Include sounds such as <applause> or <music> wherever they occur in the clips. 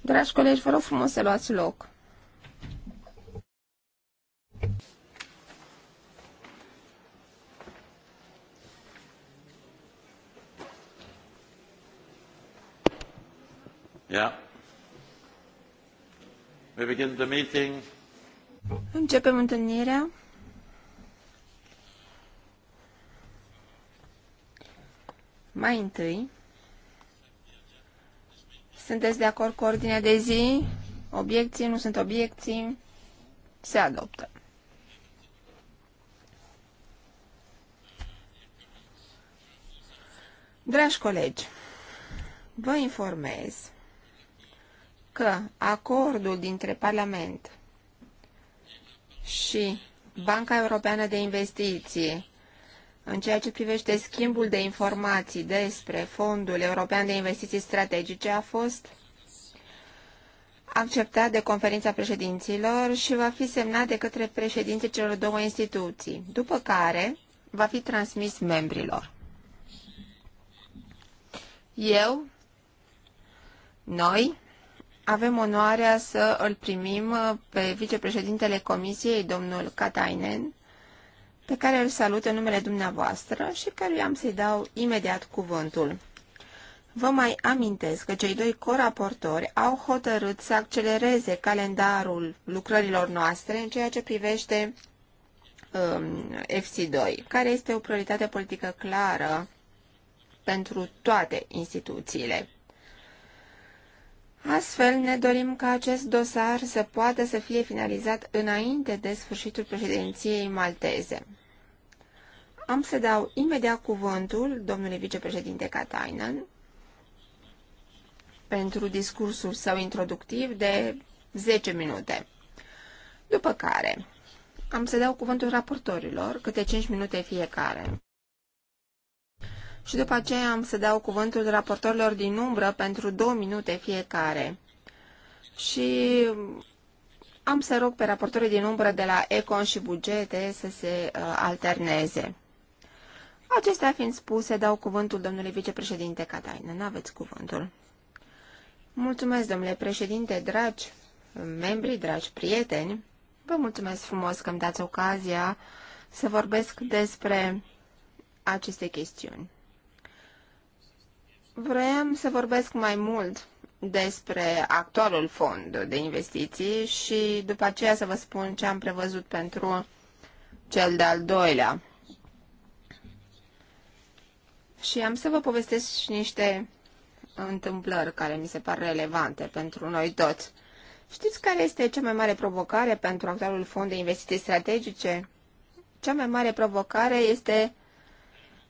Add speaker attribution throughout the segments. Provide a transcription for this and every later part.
Speaker 1: Dragi colegi, vă rog frumos să luați loc. Începem întâlnirea. Mai întâi, sunteți de acord cu ordinea de zi? Obiecții? Nu sunt obiecții? Se adoptă. Dragi colegi, vă informez că acordul dintre Parlament și Banca Europeană de Investiții în ceea ce privește schimbul de informații despre Fondul European de Investiții Strategice a fost acceptat de conferința președinților și va fi semnat de către președinții celor două instituții, după care va fi transmis membrilor. Eu, noi, avem onoarea să îl primim pe vicepreședintele Comisiei, domnul Katainen, pe care îl salut în numele dumneavoastră și căruia am să-i dau imediat cuvântul. Vă mai amintesc că cei doi coraportori au hotărât să accelereze calendarul lucrărilor noastre în ceea ce privește um, FC2, care este o prioritate politică clară pentru toate instituțiile Astfel, ne dorim ca acest dosar să poată să fie finalizat înainte de sfârșitul președinției malteze. Am să dau imediat cuvântul domnului vicepreședinte Katainen pentru discursul său introductiv de 10 minute. După care, am să dau cuvântul raportorilor, câte 5 minute fiecare și după aceea am să dau cuvântul raportorilor din umbră pentru două minute fiecare. Și am să rog pe raportorii din umbră de la Econ și Bugete să se uh, alterneze. Acestea fiind spuse, dau cuvântul domnului vicepreședinte Cataină. N-aveți cuvântul. Mulțumesc, domnule președinte, dragi membri, dragi prieteni. Vă mulțumesc frumos că îmi dați ocazia să vorbesc despre aceste chestiuni. Vrem să vorbesc mai mult despre actualul fond de investiții și după aceea să vă spun ce am prevăzut pentru cel de-al doilea. Și am să vă povestesc și niște întâmplări care mi se par relevante pentru noi toți. Știți care este cea mai mare provocare pentru actualul fond de investiții strategice? Cea mai mare provocare este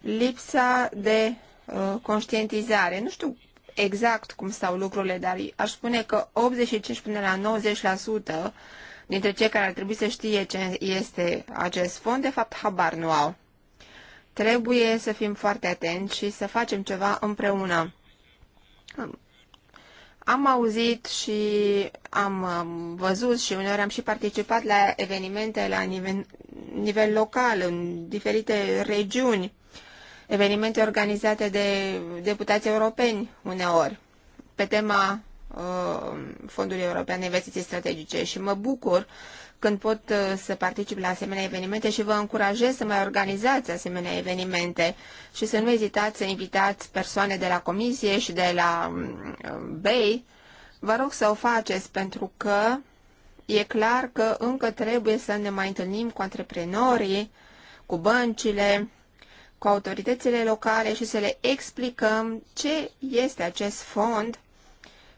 Speaker 1: lipsa de Uh, conștientizare. Nu știu exact cum stau lucrurile, dar aș spune că 85 până la 90% dintre cei care ar trebui să știe ce este acest fond, de fapt, habar nu au. Trebuie să fim foarte atenți și să facem ceva împreună. Am auzit și am văzut și uneori am și participat la evenimente la nivel, nivel local, în diferite regiuni evenimente organizate de deputați europeni uneori pe tema uh, Fondului European de Investiții Strategice și mă bucur când pot uh, să particip la asemenea evenimente și vă încurajez să mai organizați asemenea evenimente și să nu ezitați să invitați persoane de la Comisie și de la um, BEI. Vă rog să o faceți pentru că e clar că încă trebuie să ne mai întâlnim cu antreprenorii, cu băncile, cu autoritățile locale și să le explicăm ce este acest fond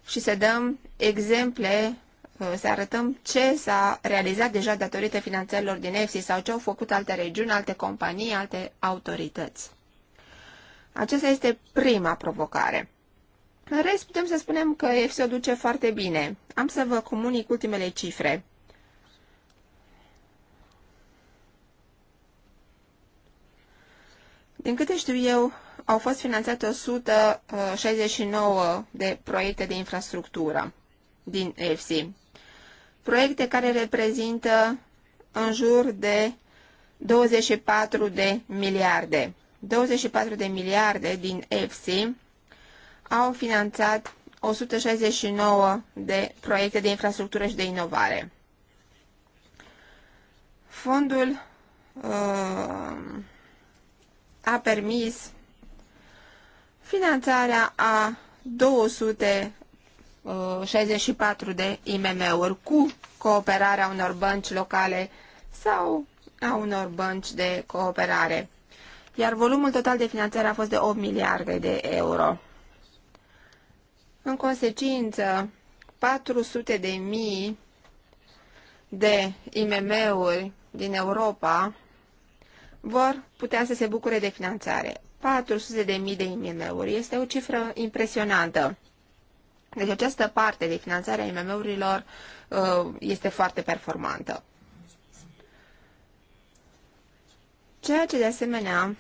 Speaker 1: și să dăm exemple, uh, să arătăm ce s-a realizat deja datorită finanțărilor din EFSI sau ce au făcut alte regiuni, alte companii, alte autorități. Aceasta este prima provocare. În rest, putem să spunem că EFSI o duce foarte bine. Am să vă comunic ultimele cifre. Din câte știu eu, au fost finanțate 169 de proiecte de infrastructură din EFSI. Proiecte care reprezintă în jur de 24 de miliarde. 24 de miliarde din EFSI au finanțat 169 de proiecte de infrastructură și de inovare. Fondul uh, a permis finanțarea a 264 de IMM-uri cu cooperarea unor bănci locale sau a unor bănci de cooperare. Iar volumul total de finanțare a fost de 8 miliarde de euro. În consecință, 400 de mii de IMM-uri din Europa vor putea să se bucure de finanțare. 400.000 de IMM-uri este o cifră impresionantă. Deci această parte de finanțare a IMM-urilor uh, este foarte performantă. Ceea ce de asemenea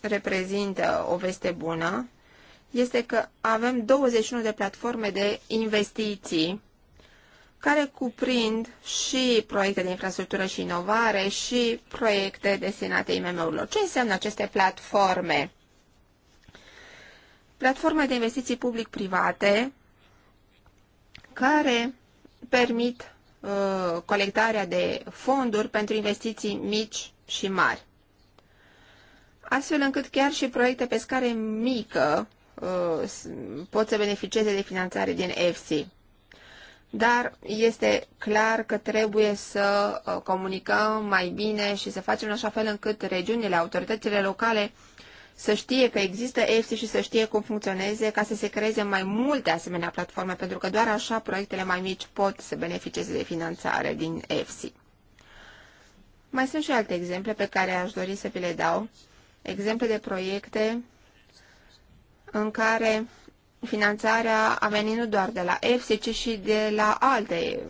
Speaker 1: reprezintă o veste bună este că avem 21 de platforme de investiții care cuprind și proiecte de infrastructură și inovare și proiecte destinate IMM-urilor. Ce înseamnă aceste platforme? Platforme de investiții public-private care permit uh, colectarea de fonduri pentru investiții mici și mari. Astfel încât chiar și proiecte pe scară mică uh, pot să beneficieze de finanțare din EFSI dar este clar că trebuie să uh, comunicăm mai bine și să facem în așa fel încât regiunile, autoritățile locale să știe că există EFSI și să știe cum funcționeze ca să se creeze mai multe asemenea platforme, pentru că doar așa proiectele mai mici pot să beneficieze de finanțare din EFSI. Mai sunt și alte exemple pe care aș dori să vi le dau. Exemple de proiecte în care finanțarea a venit nu doar de la EFSI, ci și de la alte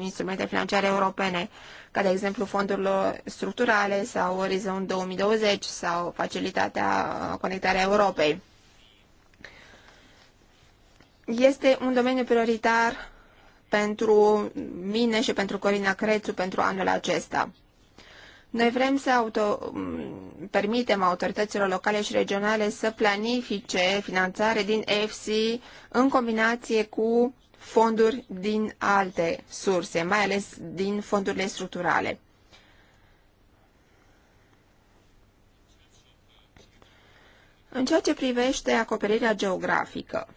Speaker 1: instrumente financiare europene, ca de exemplu fondurile structurale sau Orizon 2020 sau Facilitatea Conectarea Europei. Este un domeniu prioritar pentru mine și pentru Corina Crețu pentru anul acesta. Noi vrem să auto, mm, permitem autorităților locale și regionale să planifice finanțare din EFSI în combinație cu fonduri din alte surse, mai ales din fondurile structurale. În ceea ce privește acoperirea geografică,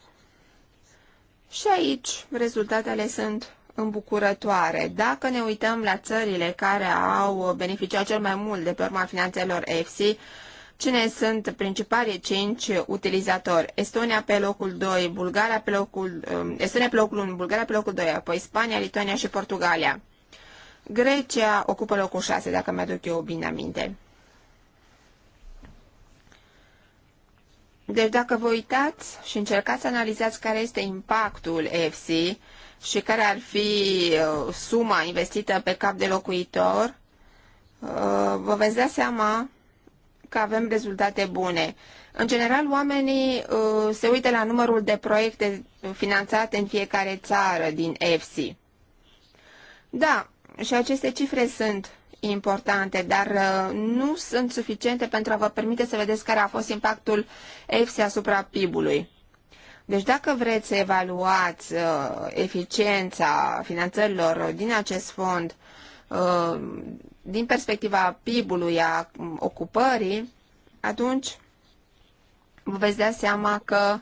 Speaker 1: și aici rezultatele sunt îmbucurătoare. Dacă ne uităm la țările care au beneficiat cel mai mult de pe urma finanțelor EFSI, cine sunt principalii cinci utilizatori? Estonia pe locul 2, Bulgaria pe locul, um, Estonia pe locul 1, Bulgaria pe locul 2, apoi Spania, Lituania și Portugalia. Grecia ocupă locul 6, dacă mi-aduc eu bine aminte. Deci dacă vă uitați și încercați să analizați care este impactul EFSI, și care ar fi uh, suma investită pe cap de locuitor, uh, vă veți da seama că avem rezultate bune. În general, oamenii uh, se uită la numărul de proiecte finanțate în fiecare țară din EFSI. Da, și aceste cifre sunt importante, dar nu sunt suficiente pentru a vă permite să vedeți care a fost impactul EFSI asupra PIB-ului. Deci dacă vreți să evaluați uh, eficiența finanțărilor din acest fond uh, din perspectiva PIB-ului, a ocupării, atunci vă veți da seama că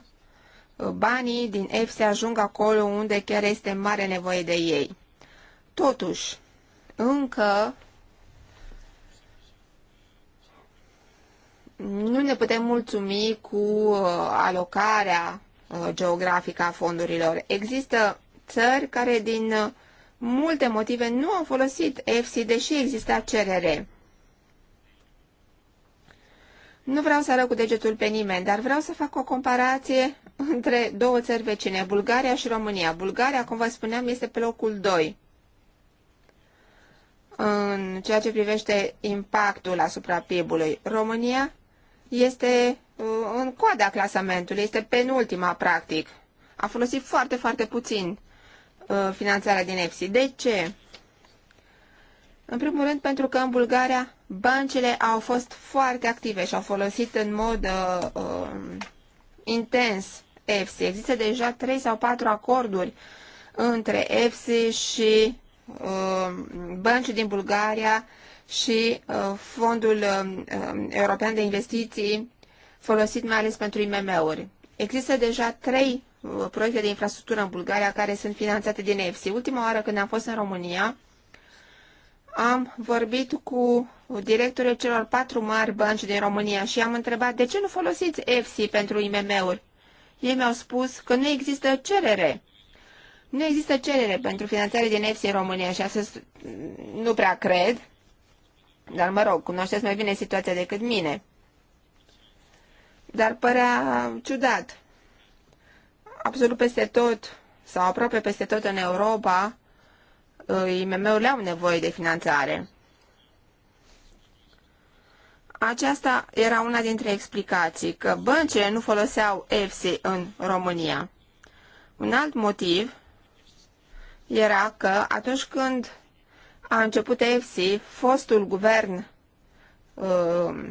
Speaker 1: uh, banii din EFSI ajung acolo unde chiar este mare nevoie de ei. Totuși, încă nu ne putem mulțumi cu uh, alocarea Uh, geografică a fondurilor. Există țări care din uh, multe motive nu au folosit EFSI, deși exista cerere. Nu vreau să arăt cu degetul pe nimeni, dar vreau să fac o comparație <laughs> între două țări vecine, Bulgaria și România. Bulgaria, cum vă spuneam, este pe locul 2 în ceea ce privește impactul asupra PIB-ului. România este Uh, în coada clasamentului, este penultima practic. A folosit foarte, foarte puțin uh, finanțarea din EFSI. De ce? În primul rând pentru că în Bulgaria băncile au fost foarte active și au folosit în mod uh, uh, intens EFSI. Există deja trei sau patru acorduri între EFSI și uh, bănci din Bulgaria și uh, Fondul uh, European de Investiții folosit mai ales pentru IMM-uri. Există deja trei uh, proiecte de infrastructură în Bulgaria care sunt finanțate din EFSI. Ultima oară când am fost în România, am vorbit cu directorul celor patru mari bănci din România și am întrebat de ce nu folosiți EFSI pentru IMM-uri. Ei mi-au spus că nu există cerere. Nu există cerere pentru finanțare din EFSI în România și astăzi nu prea cred, dar mă rog, cunoașteți mai bine situația decât mine dar părea ciudat. Absolut peste tot, sau aproape peste tot în Europa, IMM-urile au nevoie de finanțare. Aceasta era una dintre explicații, că băncile nu foloseau EFSI în România. Un alt motiv era că atunci când a început EFSI, fostul guvern uh,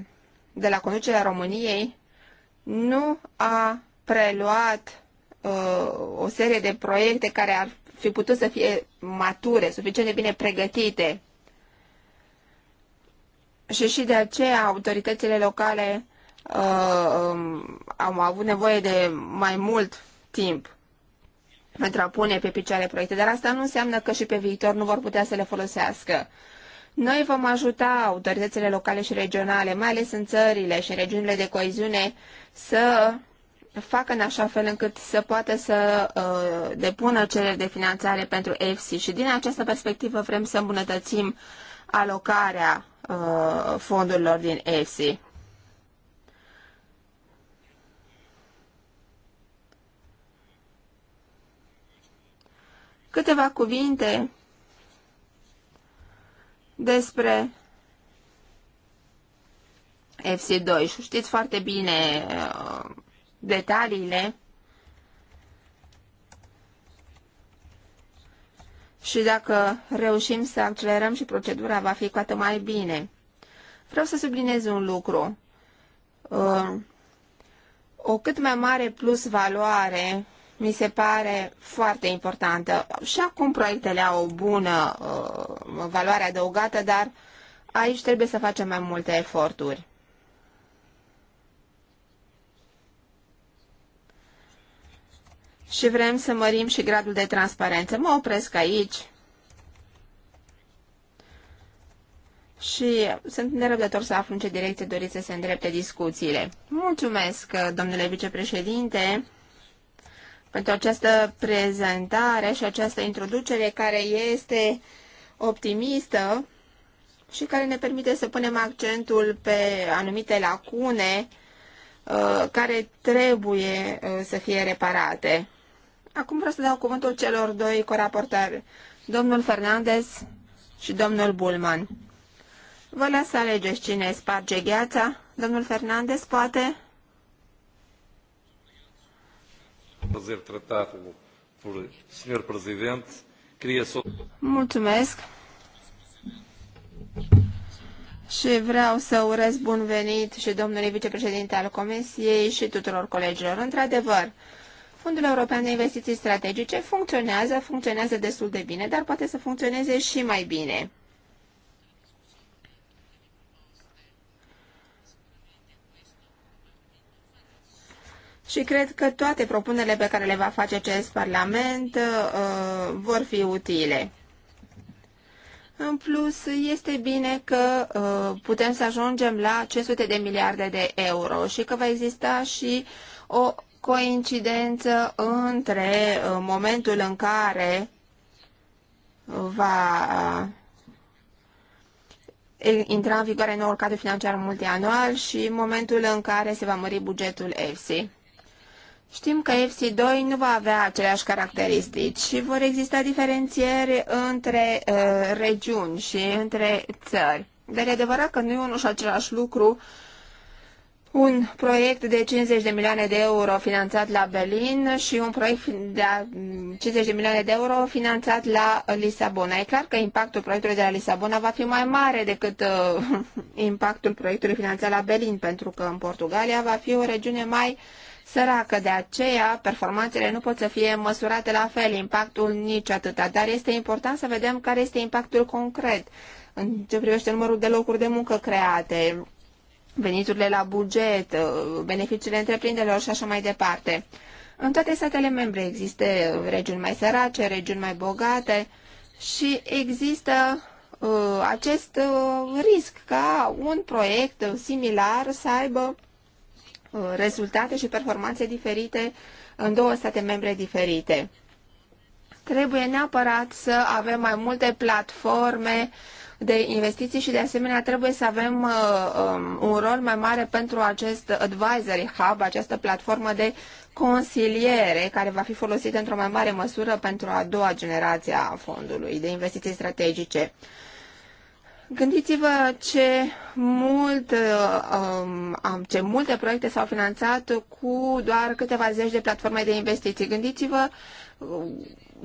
Speaker 1: de la conducerea României nu a preluat uh, o serie de proiecte care ar fi putut să fie mature, suficient de bine pregătite. Și și de aceea autoritățile locale uh, um, au avut nevoie de mai mult timp pentru a pune pe picioare proiecte, dar asta nu înseamnă că și pe viitor nu vor putea să le folosească. Noi vom ajuta autoritățile locale și regionale, mai ales în țările și în regiunile de coeziune, să facă în așa fel încât să poată să uh, depună cereri de finanțare pentru EFSI și din această perspectivă vrem să îmbunătățim alocarea uh, fondurilor din EFSI. Câteva cuvinte despre FC2 și știți foarte bine uh, detaliile și dacă reușim să accelerăm și procedura va fi cu atât mai bine. Vreau să subliniez un lucru. Uh, o cât mai mare plus valoare mi se pare foarte importantă. Și acum proiectele au o bună uh, valoare adăugată, dar aici trebuie să facem mai multe eforturi. Și vrem să mărim și gradul de transparență. Mă opresc aici. și sunt nerăbdător să aflu în ce direcție doriți să se îndrepte discuțiile. Mulțumesc, domnule vicepreședinte pentru această prezentare și această introducere care este optimistă și care ne permite să punem accentul pe anumite lacune uh, care trebuie uh, să fie reparate. Acum vreau să dau cuvântul celor doi coraportari, domnul Fernandez și domnul Bulman. Vă las să alegeți cine sparge gheața. Domnul Fernandez, poate?
Speaker 2: Prazer tratado presidente. Queria só...
Speaker 1: Mulțumesc. Și vreau să urez bun venit și domnului vicepreședinte al Comisiei și tuturor colegilor. Într-adevăr, Fondul European de Investiții Strategice funcționează, funcționează destul de bine, dar poate să funcționeze și mai bine. și cred că toate propunerile pe care le va face acest Parlament uh, vor fi utile. În plus, este bine că uh, putem să ajungem la 500 de miliarde de euro și că va exista și o coincidență între uh, momentul în care va uh, intra în vigoare noul cadru financiar multianual și momentul în care se va mări bugetul EFSI. Știm că fc 2 nu va avea aceleași caracteristici și vor exista diferențieri între uh, regiuni și între țări. Dar e adevărat că nu e unul și același lucru un proiect de 50 de milioane de euro finanțat la Berlin și un proiect de 50 de milioane de euro finanțat la Lisabona. E clar că impactul proiectului de la Lisabona va fi mai mare decât uh, <laughs> impactul proiectului finanțat la Berlin, pentru că în Portugalia va fi o regiune mai uh, săracă. De aceea, performanțele nu pot să fie măsurate la fel, impactul nici atâta, dar este important să vedem care este impactul concret în ce privește numărul de locuri de muncă create, veniturile la buget, beneficiile întreprinderilor și așa mai departe. În toate statele membre există regiuni mai sărace, regiuni mai bogate și există uh, acest uh, risc ca un proiect similar să aibă Uh, rezultate și performanțe diferite în două state membre diferite. Trebuie neapărat să avem mai multe platforme de investiții și de asemenea trebuie să avem uh, um, un rol mai mare pentru acest advisory hub, această platformă de consiliere care va fi folosită într-o mai mare măsură pentru a doua generație a fondului de investiții strategice. Gândiți-vă ce, mult, um, ce multe proiecte s-au finanțat cu doar câteva zeci de platforme de investiții. Gândiți-vă uh,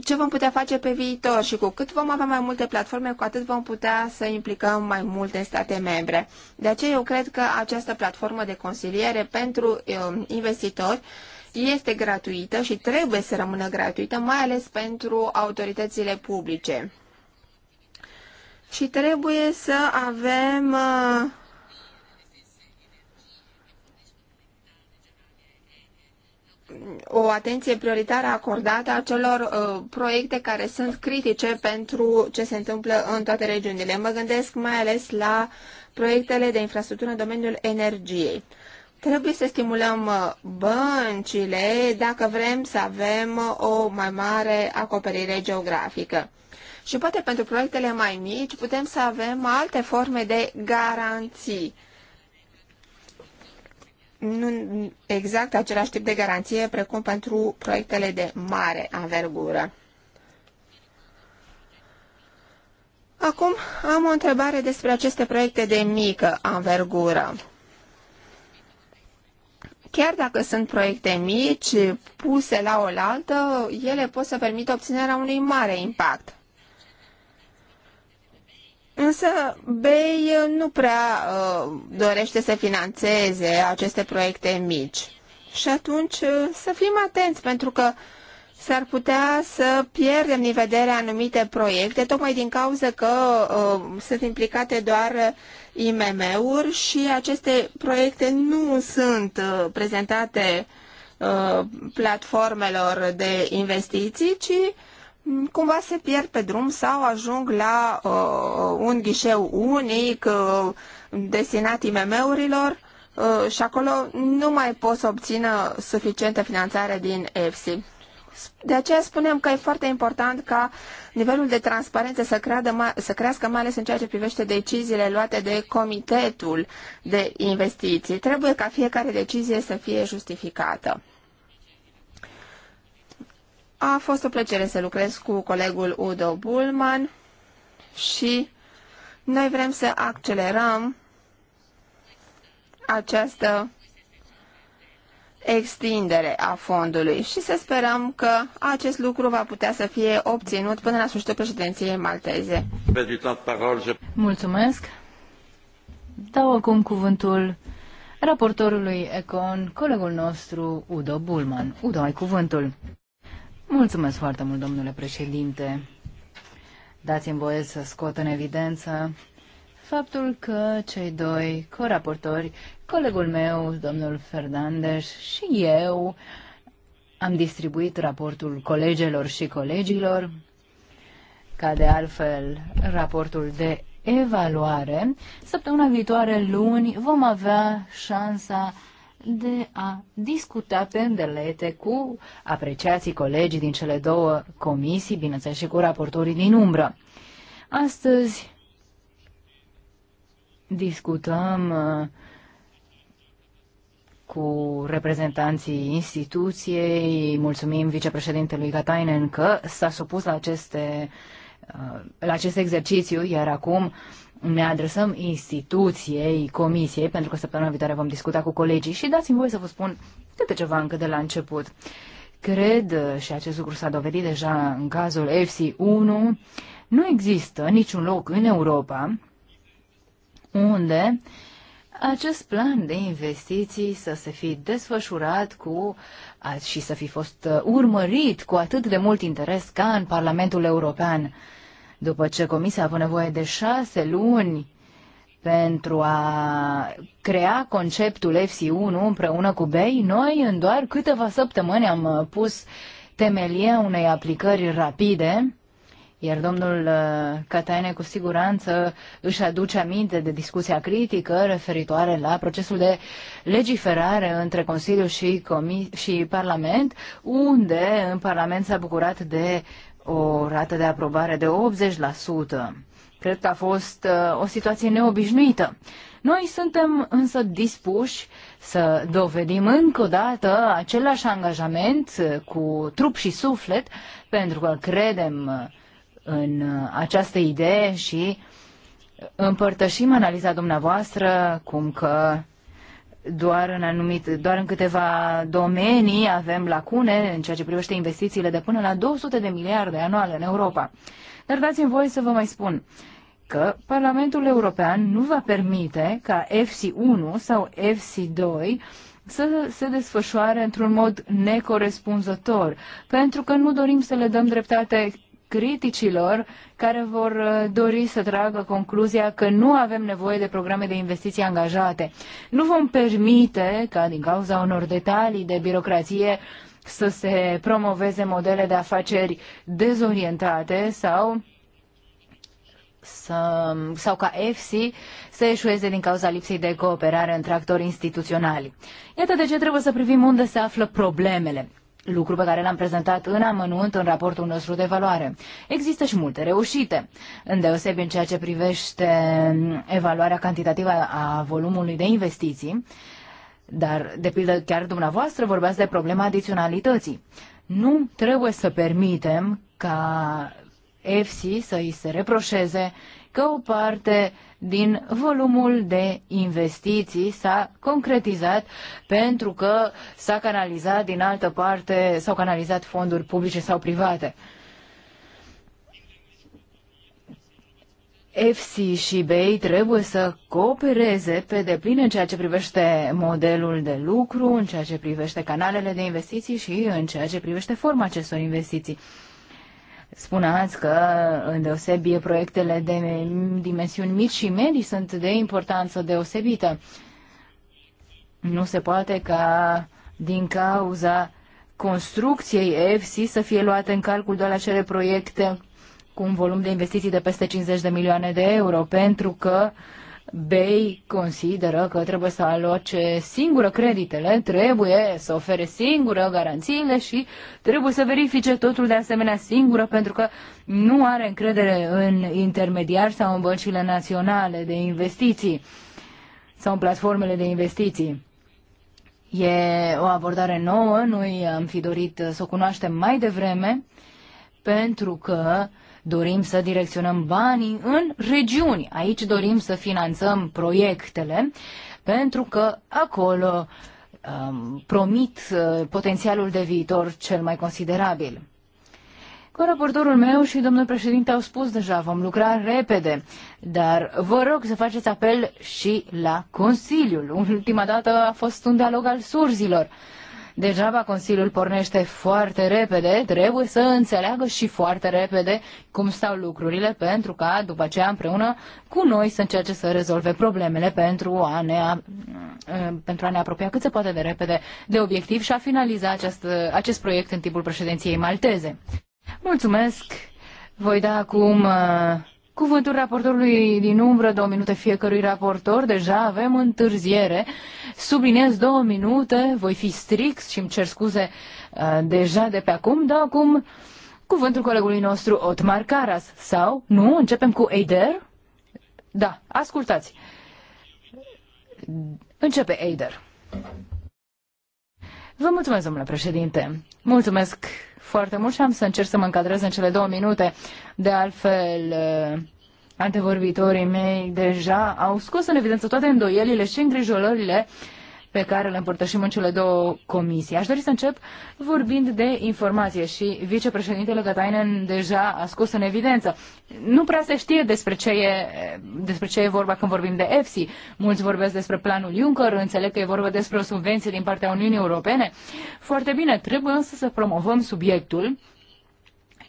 Speaker 1: ce vom putea face pe viitor și cu cât vom avea mai multe platforme, cu atât vom putea să implicăm mai multe state membre. De aceea eu cred că această platformă de consiliere pentru um, investitori este gratuită și trebuie să rămână gratuită, mai ales pentru autoritățile publice și trebuie să avem uh, o atenție prioritară acordată acelor uh, proiecte care sunt critice pentru ce se întâmplă în toate regiunile. Mă gândesc mai ales la proiectele de infrastructură în domeniul energiei. Trebuie să stimulăm uh, băncile dacă vrem să avem o mai mare acoperire geografică. Și poate pentru proiectele mai mici putem să avem alte forme de garanții. Nu exact același tip de garanție precum pentru proiectele de mare anvergură. Acum am o întrebare despre aceste proiecte de mică anvergură. Chiar dacă sunt proiecte mici, puse la oaltă, ele pot să permită obținerea unui mare impact. Însă BEI nu prea uh, dorește să financeze aceste proiecte mici. Și atunci uh, să fim atenți, pentru că s-ar putea să pierdem din vedere anumite proiecte, tocmai din cauza că uh, sunt implicate doar IMM-uri și aceste proiecte nu sunt uh, prezentate uh, platformelor de investiții, ci cumva se pierd pe drum sau ajung la uh, un ghișeu unic uh, destinat IMM-urilor uh, și acolo nu mai pot să obțină suficientă finanțare din EFSI. De aceea spunem că e foarte important ca nivelul de transparență să, creadă, să crească, mai ales în ceea ce privește deciziile luate de Comitetul de Investiții. Trebuie ca fiecare decizie să fie justificată. A fost o plăcere să lucrez cu colegul Udo Bulman și noi vrem să accelerăm această extindere a fondului și să sperăm că acest lucru va putea să fie obținut până la sfârșitul președinției malteze.
Speaker 3: Mulțumesc! Dau acum cuvântul raportorului Econ, colegul nostru Udo Bulman. Udo, ai cuvântul. Mulțumesc foarte mult, domnule președinte. Dați-mi voie să scot în evidență faptul că cei doi coraportori, colegul meu, domnul Fernandez și eu, am distribuit raportul colegelor și colegilor, ca de altfel raportul de evaluare. Săptămâna viitoare, luni, vom avea șansa de a discuta pe îndelete cu apreciații colegii din cele două comisii, bineînțeles și cu raportorii din umbră. Astăzi discutăm uh, cu reprezentanții instituției, mulțumim vicepreședintelui Katainen că s-a supus la aceste uh, Uh, la acest exercițiu, iar acum ne adresăm instituției, comisiei, pentru că săptămâna viitoare vom discuta cu colegii și dați-mi voie să vă spun câte ceva încă de la început. Cred, uh, și acest lucru s-a dovedit deja în cazul FC1, nu există niciun loc în Europa unde uh, acest plan de investiții să se fi desfășurat cu și să fi fost uh, urmărit cu atât de mult interes ca în Parlamentul European. După ce Comisia a avut nevoie de șase luni pentru a crea conceptul FC1 împreună cu BEI, noi în doar câteva săptămâni am uh, pus temelia unei aplicări rapide iar domnul Cataine uh, cu siguranță își aduce aminte de discuția critică referitoare la procesul de legiferare între Consiliu și, Comis- și Parlament, unde în Parlament s-a bucurat de o rată de aprobare de 80%. Cred că a fost uh, o situație neobișnuită. Noi suntem însă dispuși să dovedim încă o dată același angajament cu trup și suflet, pentru că credem uh, în uh, această idee și împărtășim analiza dumneavoastră, cum că doar în, anumit, doar în câteva domenii avem lacune în ceea ce privește investițiile de până la 200 de miliarde anuale în Europa. Dar dați-mi voie să vă mai spun că Parlamentul European nu va permite ca FC1 sau FC2 să se desfășoare într-un mod necorespunzător, pentru că nu dorim să le dăm dreptate criticilor care vor uh, dori să tragă concluzia că nu avem nevoie de programe de investiții angajate. Nu vom permite ca din cauza unor detalii de birocrație să se promoveze modele de afaceri dezorientate sau să, sau ca EFSI să eșueze din cauza lipsei de cooperare între actori instituționali. Iată de ce trebuie să privim unde se află problemele lucru pe care l-am prezentat în amănunt în raportul nostru de evaluare. Există și multe reușite, îndeosebi în ceea ce privește evaluarea cantitativă a volumului de investiții, dar, de pildă, chiar dumneavoastră vorbeați de problema adiționalității. Nu trebuie să permitem ca EFSI să îi se reproșeze că o parte din volumul de investiții s-a concretizat pentru că s-a canalizat din altă parte, s-au canalizat fonduri publice sau private. FC și BEI trebuie să coopereze pe deplin în ceea ce privește modelul de lucru, în ceea ce privește canalele de investiții și în ceea ce privește forma acestor investiții. Spuneați că, îndeosebi, proiectele de dimensiuni mici și medii sunt de importanță deosebită. Nu se poate ca din cauza construcției EFC, să fie luate în calcul doar acele proiecte cu un volum de investiții de peste 50 de milioane de euro, pentru că uh, BEI consideră că trebuie să aloce singură creditele, trebuie să ofere singură garanțiile și trebuie să verifice totul de asemenea singură pentru că nu are încredere în intermediari sau în băncile naționale de investiții sau în platformele de investiții. E o abordare nouă, noi am fi dorit să o cunoaștem mai devreme pentru că uh, dorim să direcționăm banii în regiuni. Aici dorim să finanțăm proiectele pentru că acolo um, promit uh, potențialul de viitor cel mai considerabil. Cu raportorul meu și domnul președinte au spus deja, vom lucra repede, dar vă rog să faceți apel și la Consiliul. Ultima dată a fost un dialog al surzilor. Degeaba Consiliul pornește foarte repede, trebuie să înțeleagă și foarte repede cum stau lucrurile, pentru ca după aceea împreună cu noi să încerce să rezolve problemele pentru a ne, uh, pentru a ne apropia cât se poate de repede de obiectiv și a finaliza acest, uh, acest proiect în timpul președinției malteze. Mulțumesc! Voi da acum uh, cuvântul raportorului din umbră, două minute fiecărui raportor, deja avem întârziere. Subliniez două minute, voi fi strict și îmi cer scuze uh, deja de pe acum, dar acum cuvântul colegului nostru Otmar Caras. Sau, nu, începem cu Eider? Da, ascultați. Începe Eider. Vă mulțumesc, domnule președinte. Mulțumesc foarte mult și am să încerc să mă încadrez în cele două minute. De altfel, eh, antevorbitorii mei deja au scos în evidență toate îndoielile și îngrijorările uh, pe care le împărtășim în cele două comisii. Aș dori să încep vorbind de informație și vicepreședintele Catainen deja a scos în evidență. Nu prea se știe despre ce e, despre ce e vorba când vorbim de EFSI. Mulți vorbesc despre planul Juncker, înțeleg că e vorba despre o subvenție din partea Uniunii Europene. Foarte bine, trebuie însă să promovăm subiectul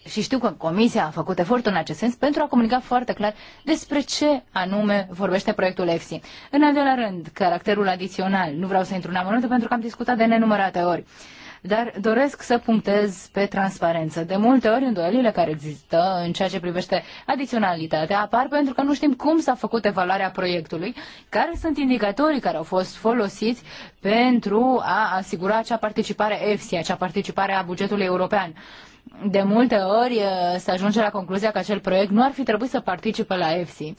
Speaker 3: și știu că Comisia a făcut efort în acest sens pentru a comunica foarte clar despre ce anume vorbește proiectul EFSI. În al doilea rând, caracterul adițional. Nu vreau să intru în amănunte pentru că am discutat de nenumărate ori. Dar doresc să punctez pe transparență. De multe ori, îndoielile care există în ceea ce privește adiționalitatea apar pentru că nu știm cum s-a făcut evaluarea proiectului, care sunt indicatorii care au fost folosiți pentru a asigura acea participare EFSI, acea participare a bugetului european de multe ori se ajunge la concluzia că acel proiect nu ar fi trebuit să participe la EFSI.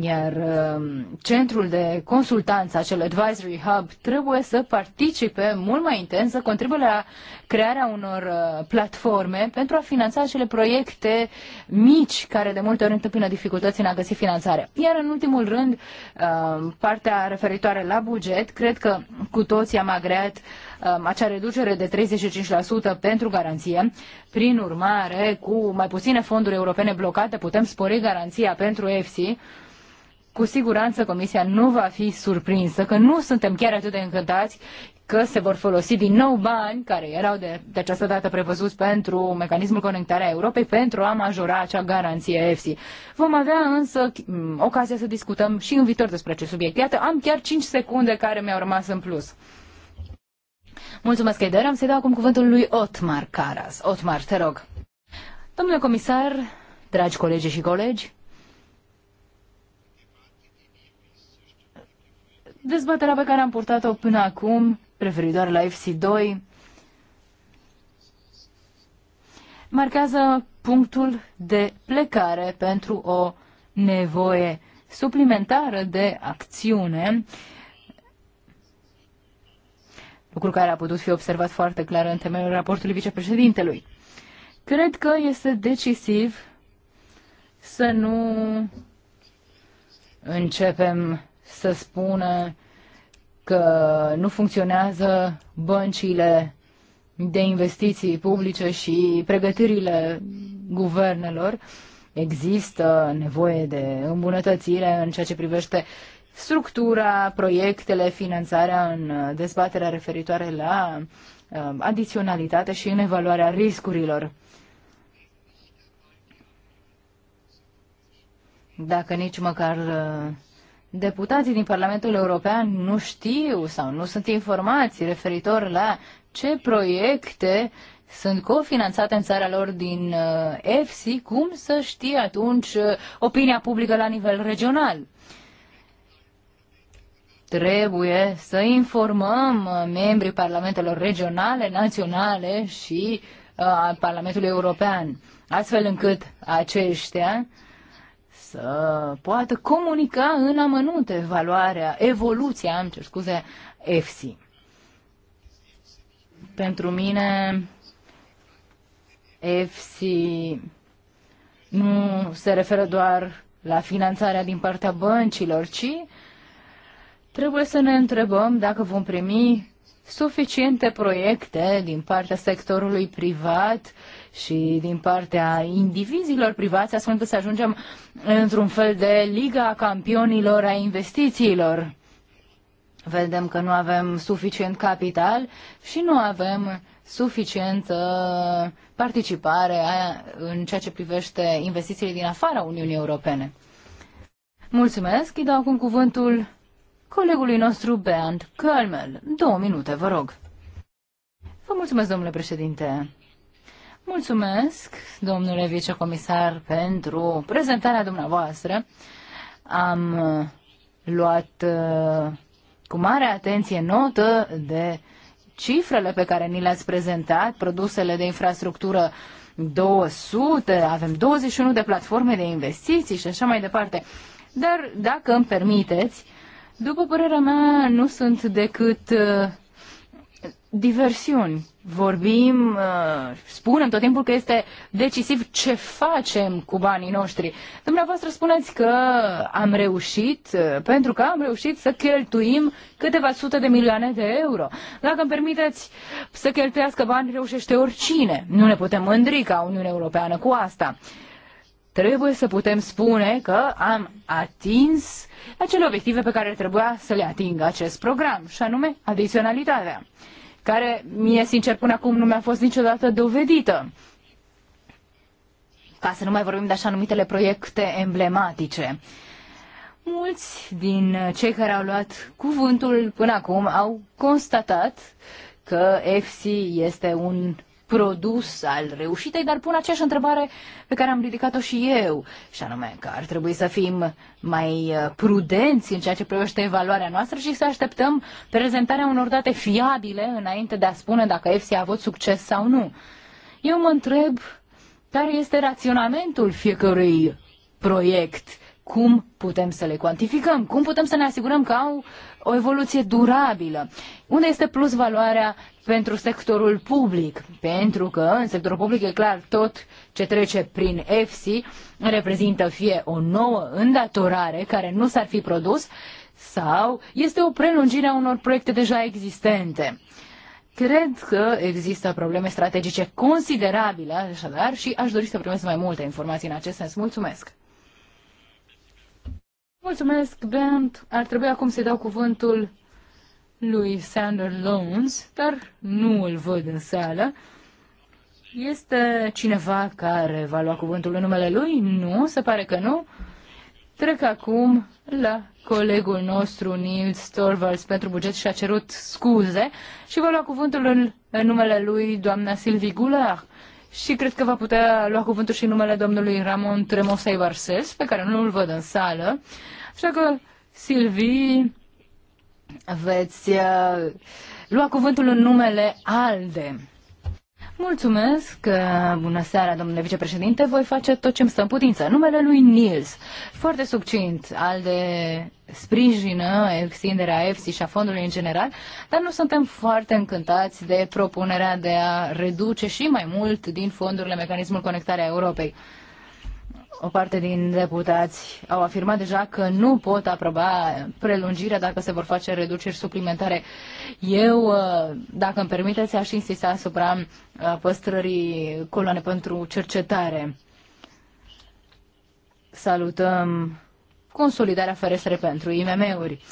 Speaker 3: Iar centrul de consultanță, acel advisory hub, trebuie să participe mult mai intens, să contribuie la crearea unor platforme pentru a finanța acele proiecte mici care de multe ori întâmpină dificultăți în a găsi finanțare. Iar în ultimul rând, partea referitoare la buget, cred că cu toții am agreat uh, Um, acea reducere de 35% pentru garanție. Prin urmare, cu mai puține fonduri europene blocate, putem spori garanția pentru EFSI. Cu siguranță Comisia nu va fi surprinsă că nu suntem chiar atât de încântați că se vor folosi din nou bani care erau de, de această dată prevăzuți pentru mecanismul conectarea Europei pentru a majora acea garanție EFSI. Vom avea însă mm, ocazia să discutăm și în viitor despre acest subiect. Iată, am chiar 5 secunde care mi-au rămas în plus. Mulțumesc, Eider. Am să-i dau acum cuvântul lui Otmar Caras. Otmar, te rog. Domnule comisar, dragi colegi și colegi, dezbaterea pe care am purtat-o până acum, referitoare la FC2, marchează punctul de plecare pentru o nevoie suplimentară de acțiune lucru care a putut fi observat foarte clar în temeiul raportului vicepreședintelui. Cred că este decisiv să nu începem să spună că nu funcționează băncile de investiții publice și pregătirile guvernelor. Există nevoie de îmbunătățire în ceea ce privește structura, proiectele, finanțarea în uh, dezbaterea referitoare la uh, adiționalitate și în evaluarea riscurilor. Dacă nici măcar uh, deputații din Parlamentul European nu știu sau nu sunt informați referitor la ce proiecte sunt cofinanțate în țara lor din EFSI, cum să știe atunci opinia publică la nivel regional? Trebuie să informăm uh, membrii parlamentelor regionale, naționale și uh, al Parlamentului European, astfel încât aceștia să poată comunica în amănunte valoarea, evoluția, am cer scuze, EFSI. Pentru mine, EFSI nu se referă doar la finanțarea din partea băncilor, ci Trebuie să ne întrebăm dacă vom primi suficiente proiecte din partea sectorului privat și din partea indivizilor privați, astfel încât să ajungem într-un fel de liga campionilor a investițiilor. Vedem că nu avem suficient capital și nu avem suficientă participare în ceea ce privește investițiile din afara Uniunii Europene. Mulțumesc, îi dau acum cuvântul colegului nostru Bernd Kölmel. Două minute, vă rog. Vă mulțumesc, domnule președinte. Mulțumesc, domnule vicecomisar, pentru prezentarea dumneavoastră. Am uh, luat uh, cu mare atenție notă de cifrele pe care ni le-ați prezentat, produsele de infrastructură 200, avem 21 de platforme de investiții și așa mai departe. Dar, dacă îmi permiteți, după părerea mea, nu sunt decât uh, diversiuni. Vorbim, uh, spunem tot timpul că este decisiv ce facem cu banii noștri. Dumneavoastră spuneți că am reușit, uh, pentru că am reușit să cheltuim câteva sute de milioane de euro. Dacă îmi permiteți să cheltuiască bani, reușește oricine. Nu ne putem mândri ca Uniunea Europeană cu asta. Uh, trebuie să putem spune că am atins acele obiective pe care trebuia să le atingă acest program, și anume adiționalitatea, care, mie sincer, până acum nu mi-a fost niciodată dovedită. Ca să nu mai vorbim de așa numitele proiecte emblematice. Mulți din cei care au luat cuvântul până acum au constatat că FC este un produs al reușitei, dar pun aceeași întrebare pe care am ridicat-o și eu, și anume că ar trebui să fim mai uh, prudenți în ceea ce privește evaluarea noastră și să așteptăm prezentarea unor date fiabile înainte de a spune dacă EFSI a avut succes sau nu. Eu mă întreb care este raționamentul fiecărui proiect cum putem să le cuantificăm, cum putem să ne asigurăm că au o evoluție durabilă. Unde este plus valoarea pentru sectorul public? Pentru că în sectorul public e clar tot ce trece prin EFSI reprezintă fie o nouă îndatorare care nu s-ar fi produs sau este o prelungire a unor proiecte deja existente. Cred că există probleme strategice considerabile, așadar, și aș dori să primesc mai multe informații în acest sens. Mulțumesc! Mulțumesc, Bent. Ar trebui acum să-i dau cuvântul lui Sander Loans, dar nu îl văd în sală. Este cineva care va lua cuvântul în numele lui? Nu, se pare că nu. Trec acum la colegul nostru, Nils Torvalds, pentru buget și a cerut scuze și va lua cuvântul în, în numele lui doamna Sylvie Goulart, și cred că va putea lua cuvântul și numele domnului Ramon Tremosei Varses, pe care nu îl văd în sală. Așa că, Silvi, veți uh, lua cuvântul în numele ALDE. Mulțumesc, uh, bună seara, domnule vicepreședinte, voi face tot ce-mi stă în putință. Numele lui Nils, foarte succint, al de sprijină extinderea EFSI și a fondului în general, dar nu suntem foarte încântați de propunerea de a reduce și mai mult din fondurile mecanismul conectarea Europei o parte din deputați au afirmat deja că nu pot aproba prelungirea dacă se vor face reduceri suplimentare. Eu, uh, dacă îmi permiteți, aș insista asupra uh, păstrării coloane pentru cercetare. Salutăm consolidarea ferestre pentru IMM-uri.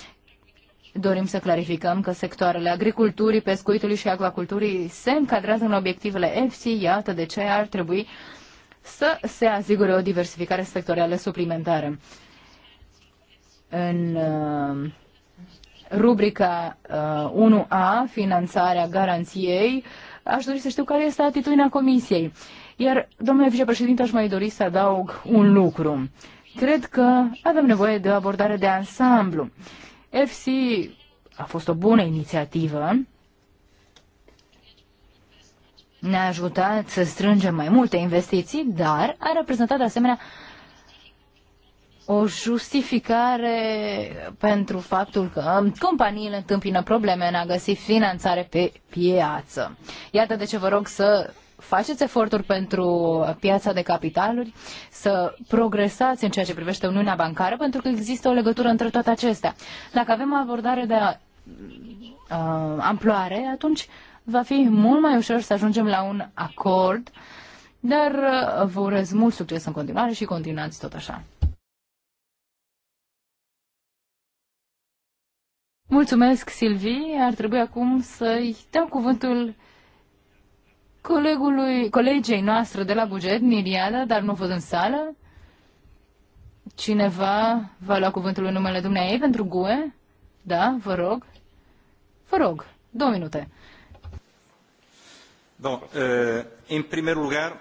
Speaker 3: Dorim să clarificăm că sectoarele agriculturii, pescuitului și acvaculturii se încadrează în obiectivele EFSI, iată de ce ar trebui să se asigure o diversificare sectorială suplimentară. În uh, rubrica 1A, uh, finanțarea garanției, aș dori să știu care este atitudinea Comisiei. Iar, domnule vicepreședinte, aș mai dori să adaug un lucru. Cred că avem nevoie de o abordare de ansamblu. FC a fost o bună inițiativă, ne-a ajutat să strângem mai multe investiții, dar a reprezentat de asemenea o justificare pentru faptul că companiile întâmpină probleme în a găsi finanțare pe piață. Iată de ce vă rog să faceți eforturi pentru piața de capitaluri, să progresați în ceea ce privește Uniunea Bancară, pentru că există o legătură între toate acestea. Dacă avem o abordare de a, uh, amploare, atunci va fi mult mai ușor să ajungem la un acord, dar uh, vă urez mult succes în continuare și continuați tot așa. Mulțumesc, Silvi. Ar trebui acum să-i dăm cuvântul colegului, colegei noastre de la buget, Niriada, dar nu văd în sală. Cineva va lua cuvântul în numele dumneai pentru GUE? Da, vă rog. Vă rog, două minute.
Speaker 2: Bom, eh,
Speaker 3: em primeiro lugar,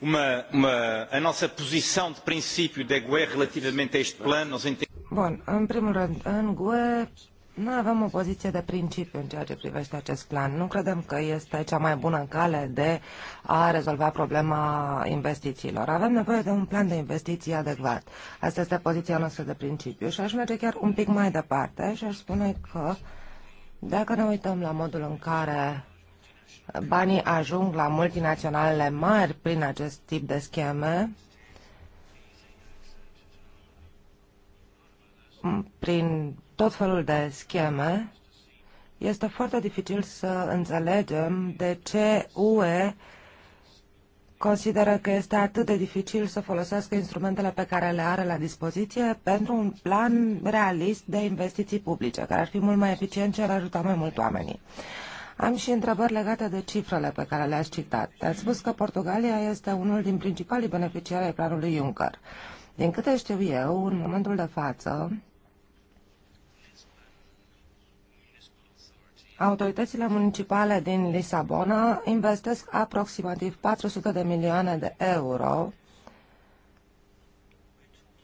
Speaker 3: uma, uma, a nossa posição de princípio da GUE relativamente a este plano, nós entendemos...
Speaker 4: Bun, în primul rând, în GUE nu avem o poziție de principiu în ceea ce privește acest plan. Nu credem că este cea mai bună cale de a rezolva problema investițiilor. Avem nevoie de un plan de investiții adecvat. Asta este poziția noastră de principiu și aș merge chiar un pic mai departe și aș spune că dacă ne uităm la modul în care Banii ajung la multinaționalele mari prin acest tip de scheme, prin tot felul de scheme, este foarte dificil să înțelegem de ce UE consideră că este atât de dificil să folosească instrumentele pe care le are la dispoziție pentru un plan realist de investiții publice, care ar fi mult mai eficient și ar ajuta mai mult oamenii. Am și întrebări legate de cifrele pe care le-ați citat. Ați spus că Portugalia este unul din principalii beneficiari ai planului Juncker. Din câte știu eu, în momentul de față, Autoritățile municipale din Lisabona investesc aproximativ 400 de milioane de euro,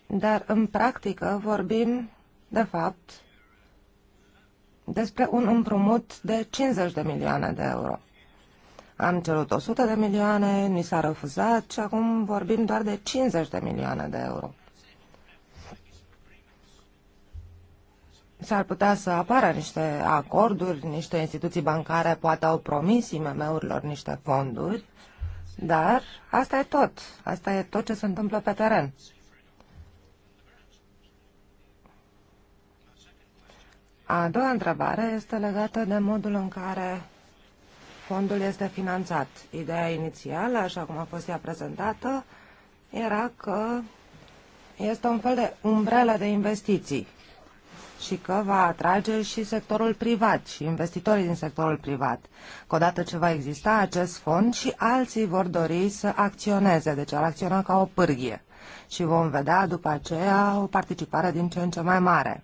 Speaker 4: dar în practică vorbim, de fapt, despre un împrumut de 50 de milioane de euro. Am cerut 100 de milioane, ni s-a refuzat și acum vorbim doar de 50 de milioane de euro. S-ar putea să apară niște acorduri, niște instituții bancare poate au promis IMM-urilor niște fonduri, dar asta e tot. Asta e tot ce se întâmplă pe teren. A doua întrebare este legată de modul în care fondul este finanțat. Ideea inițială, așa cum a fost ea prezentată, era că este un fel de umbrelă de investiții și că va atrage și sectorul privat și investitorii din sectorul privat. Că odată ce va exista acest fond și alții vor dori să acționeze, deci ar acționa ca o pârghie. Și vom vedea după aceea o participare din ce în ce mai mare.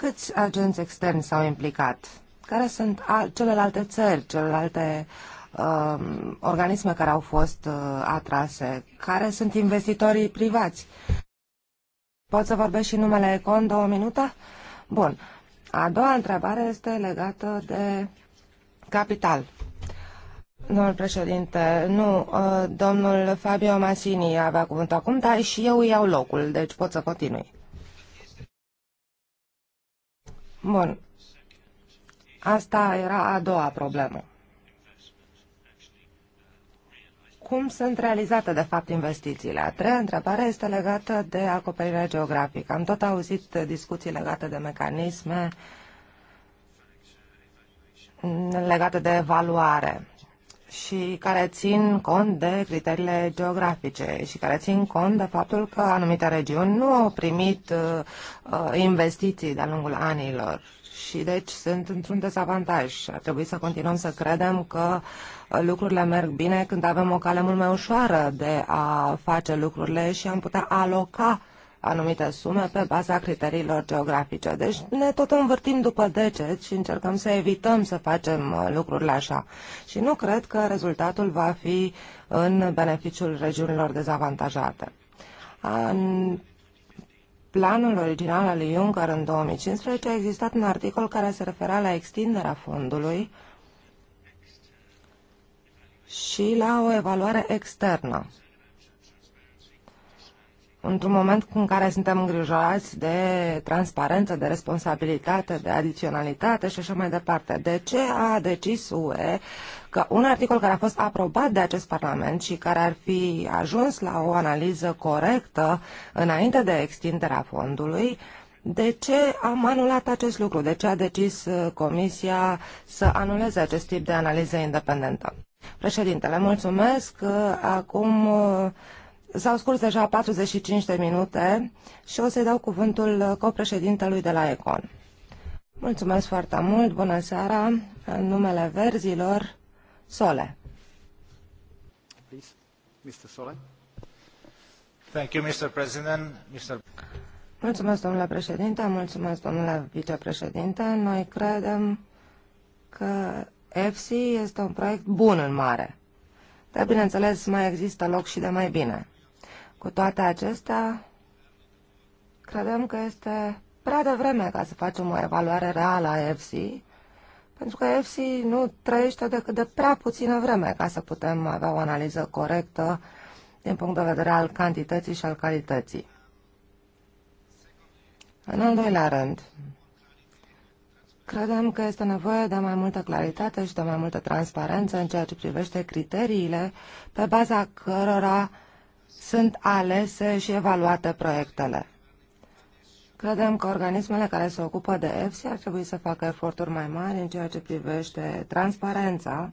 Speaker 4: Câți agenți externi s-au implicat? Care sunt celelalte țări, celelalte uh, organisme care au fost uh, atrase? Care sunt investitorii privați? Pot să vorbesc și numele Econ două minute? Bun. A doua întrebare este legată de capital. Domnul președinte, nu, uh, domnul Fabio Masini avea cuvântul acum, dar și eu iau locul, deci pot să continui. Bun. Asta era a doua problemă. Cum sunt realizate, de fapt, investițiile? A treia întrebare este legată de acoperirea geografică. Am tot auzit discuții legate de mecanisme legate de evaluare și care țin cont de criteriile geografice și care țin cont de faptul că anumite regiuni nu au primit uh, uh, investiții de-a lungul anilor și deci sunt într-un dezavantaj. Ar trebui să continuăm să credem că uh, lucrurile merg bine când avem o cale mult mai ușoară de a face lucrurile și am putea aloca anumite sume pe baza criteriilor geografice. Deci ne tot învârtim după deget și încercăm să evităm să facem uh, lucrurile așa. Și nu cred că rezultatul va fi în beneficiul regiunilor dezavantajate. În planul original al lui Juncker în 2015 a existat un articol care se refera la extinderea fondului și la o evaluare externă într-un moment în care suntem îngrijorați de transparență, de responsabilitate, de adiționalitate și așa mai departe. De ce a decis UE că un articol care a fost aprobat de acest Parlament și care ar fi ajuns la o analiză corectă înainte de extinderea fondului, de ce am anulat acest lucru? De ce a decis uh, Comisia să anuleze acest tip de analiză independentă? Președintele, mulțumesc. Uh, acum uh, S-au scurs deja 45 de minute și o să-i dau cuvântul copreședintelui de la Econ. Mulțumesc foarte mult, bună seara, în numele verzilor, Sole.
Speaker 2: Please, Mr. Sole. Thank you, Mr. President. Mr.
Speaker 4: Mulțumesc, domnule președinte, mulțumesc, domnule vicepreședinte. Noi credem că EFSI este un proiect bun în mare. Dar, bineînțeles, mai există loc și de mai bine. Cu toate acestea, credem că este prea devreme ca să facem o evaluare reală a EFSI, pentru că EFSI nu trăiește decât de prea puțină vreme ca să putem avea o analiză corectă din punct de vedere al cantității și al calității. În al doilea rând, credem că este nevoie de mai multă claritate și de mai multă transparență în ceea ce privește criteriile pe baza cărora sunt alese și evaluate proiectele. Credem că organismele care se ocupă de EFSI ar trebui să facă eforturi mai mari în ceea ce privește transparența,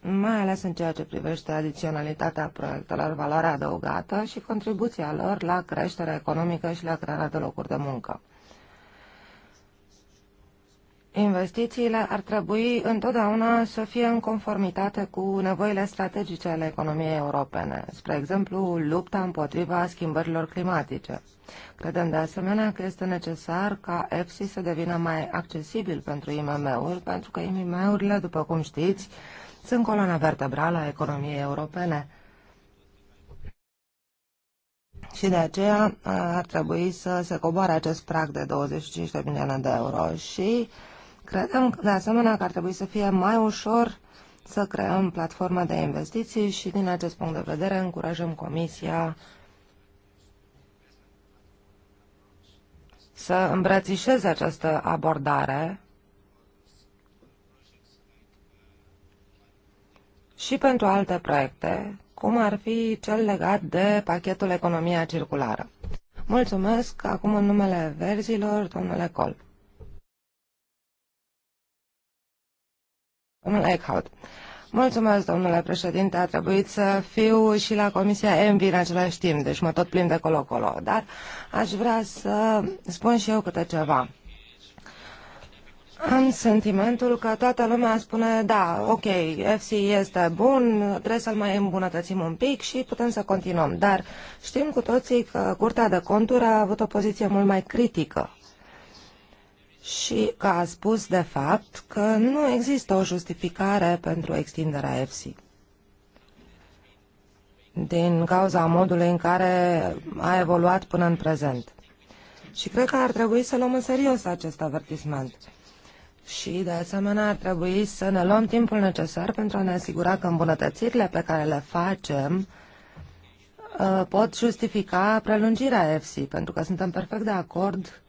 Speaker 4: mai ales în ceea ce privește adiționalitatea proiectelor, valoarea adăugată și contribuția lor la creșterea economică și la crearea de locuri de muncă. Investițiile ar trebui întotdeauna să fie în conformitate cu nevoile strategice ale economiei europene, spre exemplu, lupta împotriva schimbărilor climatice. Credem de asemenea că este necesar ca EFSI să devină mai accesibil pentru IMM-uri, pentru că IMM-urile, după cum știți, sunt coloana vertebrală a economiei europene. Și de aceea ar trebui să se coboare acest prag de 25 de milioane de euro și uh, Credem, de asemenea, că ar trebui să fie mai ușor să creăm platforme de investiții și, din acest punct de vedere, încurajăm Comisia să îmbrățișeze această abordare și pentru alte proiecte, cum ar fi cel legat de pachetul Economia Circulară. Mulțumesc acum în numele verzilor, domnule Col. Domnul Mulțumesc, domnule președinte. A trebuit să fiu și la Comisia ENVI în același timp, deci mă tot plimb de colo-colo. Dar aș vrea să spun și eu câte ceva. Am sentimentul că toată lumea spune, da, ok, FC este bun, trebuie să-l mai îmbunătățim un pic și putem să continuăm. Dar știm cu toții că Curtea de Conturi a avut o poziție mult mai critică și că a spus, de fapt, că nu există o justificare pentru extinderea EFSI din cauza modului în care a evoluat până în prezent. Și cred că ar trebui să luăm în serios acest avertisment. Și, de asemenea, ar trebui să ne luăm timpul necesar pentru a ne asigura că îmbunătățirile pe care le facem uh, pot justifica prelungirea EFSI, pentru că suntem perfect de acord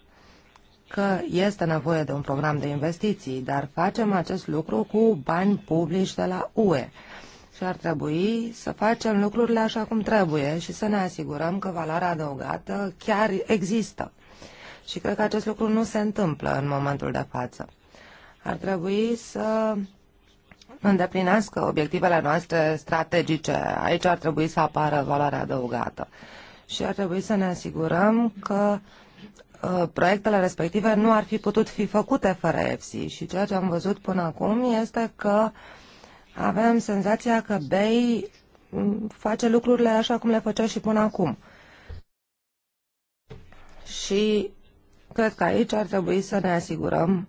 Speaker 4: că este nevoie de un program de investiții, dar facem acest lucru cu bani publici de la UE. Și ar trebui să facem lucrurile așa cum trebuie și să ne asigurăm că valoarea adăugată chiar există. Și cred că acest lucru nu se întâmplă în momentul de față. Ar trebui să îndeplinească obiectivele noastre strategice. Aici ar trebui să apară valoarea adăugată. Și ar trebui să ne asigurăm că uh, Uh, proiectele respective nu ar fi putut fi făcute fără EFSI și ceea ce am văzut până acum este că avem senzația că BEI mm, face lucrurile așa cum le făcea și până acum. Și cred că aici ar trebui să ne asigurăm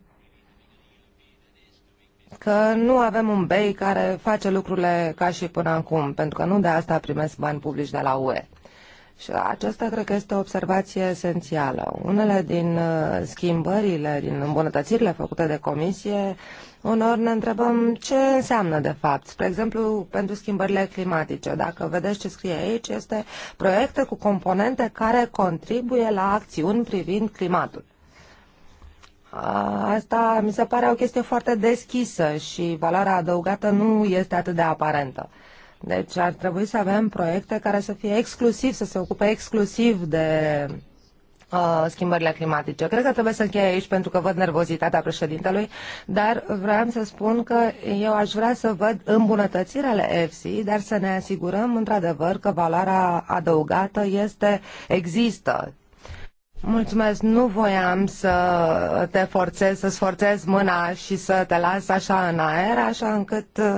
Speaker 4: că nu avem un bei care face lucrurile ca și până acum, pentru că nu de asta primesc bani publici de la UE. Și aceasta cred că este o observație esențială. Unele din uh, schimbările, din îmbunătățirile făcute de comisie, unor ne întrebăm ce înseamnă de fapt. Spre exemplu, pentru schimbările climatice, dacă vedeți ce scrie aici, este proiecte cu componente care contribuie la acțiuni privind climatul. Asta mi se pare o chestie foarte deschisă și valoarea adăugată nu este atât de aparentă. Deci ar trebui să avem proiecte care să fie exclusiv, să se ocupe exclusiv de uh, schimbările climatice. Cred că trebuie să închei aici pentru că văd nervozitatea președintelui, dar vreau să spun că eu aș vrea să văd îmbunătățirea ale EFSI, dar să ne asigurăm într-adevăr că valoarea adăugată este, există, Mulțumesc, nu voiam să te forțez, să-ți forțez mâna și să te las așa în aer, așa încât uh,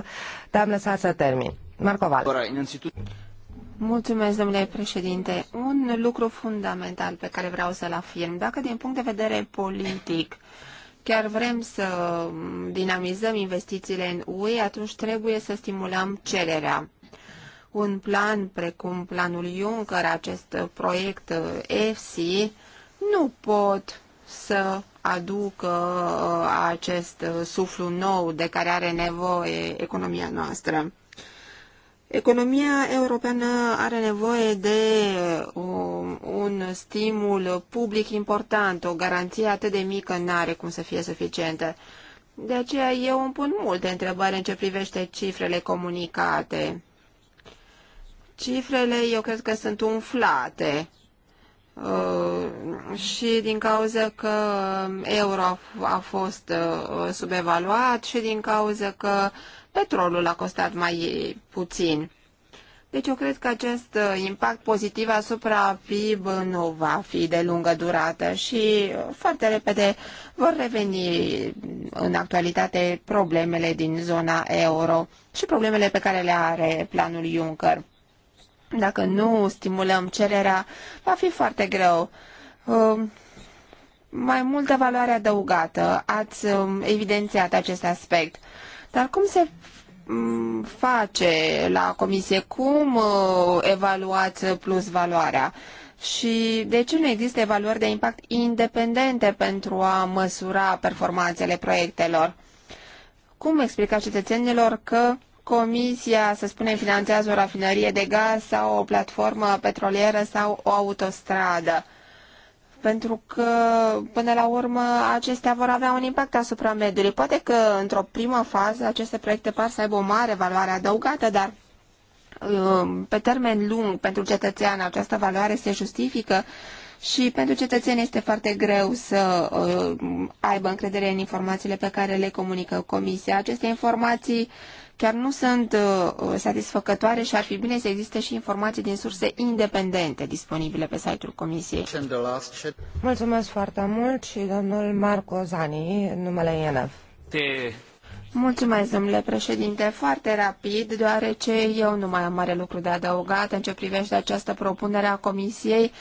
Speaker 4: te-am lăsat să termin. Marcoval.
Speaker 1: Mulțumesc, domnule președinte. Un lucru fundamental pe care vreau să-l afirm, dacă din punct de vedere politic chiar vrem să dinamizăm investițiile în UE, atunci trebuie să stimulăm cererea. Un plan precum planul Juncker, acest proiect EFSI, nu pot să aducă uh, acest uh, suflu nou de care are nevoie economia noastră. Economia europeană are nevoie de um, un stimul public important, o garanție atât de mică n-are cum să fie suficientă. De aceea eu îmi pun multe întrebări în ce privește cifrele comunicate. Cifrele eu cred că sunt umflate uh, și din cauza că euro a, a fost uh, subevaluat și din cauza că Petrolul a costat mai puțin. Deci eu cred că acest uh, impact pozitiv asupra PIB nu va fi de lungă durată și uh, foarte repede vor reveni uh, în actualitate problemele din zona euro și problemele pe care le are planul Juncker. Dacă nu stimulăm cererea, va fi foarte greu. Mai multă valoare adăugată, ați um, evidențiat acest aspect. Dar cum se mm, face la comisie? Cum uh, evaluați plus valoarea? Și de ce nu există evaluări de impact independente pentru a măsura performanțele proiectelor? Cum explica cetățenilor că comisia, să spunem, finanțează o rafinărie de gaz sau o platformă petrolieră sau o autostradă? pentru că, până la urmă, acestea vor avea un impact asupra mediului. Poate că, într-o primă fază, aceste proiecte par să aibă o mare valoare adăugată, dar um, pe termen lung, pentru cetățean, această valoare se justifică și pentru cetățeni este foarte greu să um, aibă încredere în informațiile pe care le comunică Comisia. Aceste informații chiar nu sunt uh, satisfăcătoare și ar fi bine să existe și informații din surse independente disponibile pe site-ul Comisiei. Mulțumesc foarte mult și domnul Marco Zani, numele INF. Te... Mulțumesc, domnule președinte. Foarte rapid, deoarece eu nu mai am mare lucru de adăugat în ce privește această propunere a Comisiei,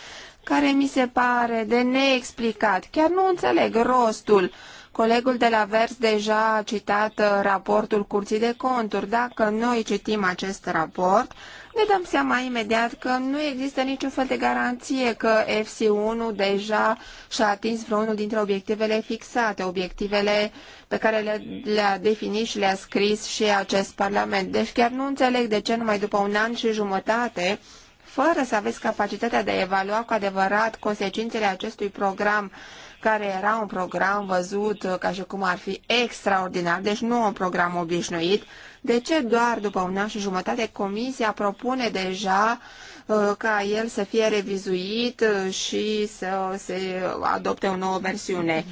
Speaker 1: care mi se pare de neexplicat. Chiar nu înțeleg rostul Colegul de la Vers deja a citat uh, raportul Curții de Conturi. Dacă noi citim acest raport, ne dăm seama imediat că nu există niciun fel de garanție că FC1 deja și-a atins vreunul dintre obiectivele fixate, obiectivele pe care le-a, le definit și le-a scris și acest Parlament. Deci chiar nu înțeleg de ce numai după un an și jumătate fără să aveți capacitatea de a evalua cu adevărat consecințele acestui program care era un program văzut uh, ca și cum ar fi extraordinar, deci nu un program obișnuit. De ce doar după un an și jumătate Comisia propune deja uh, ca el să fie revizuit uh, și să se adopte o nouă versiune?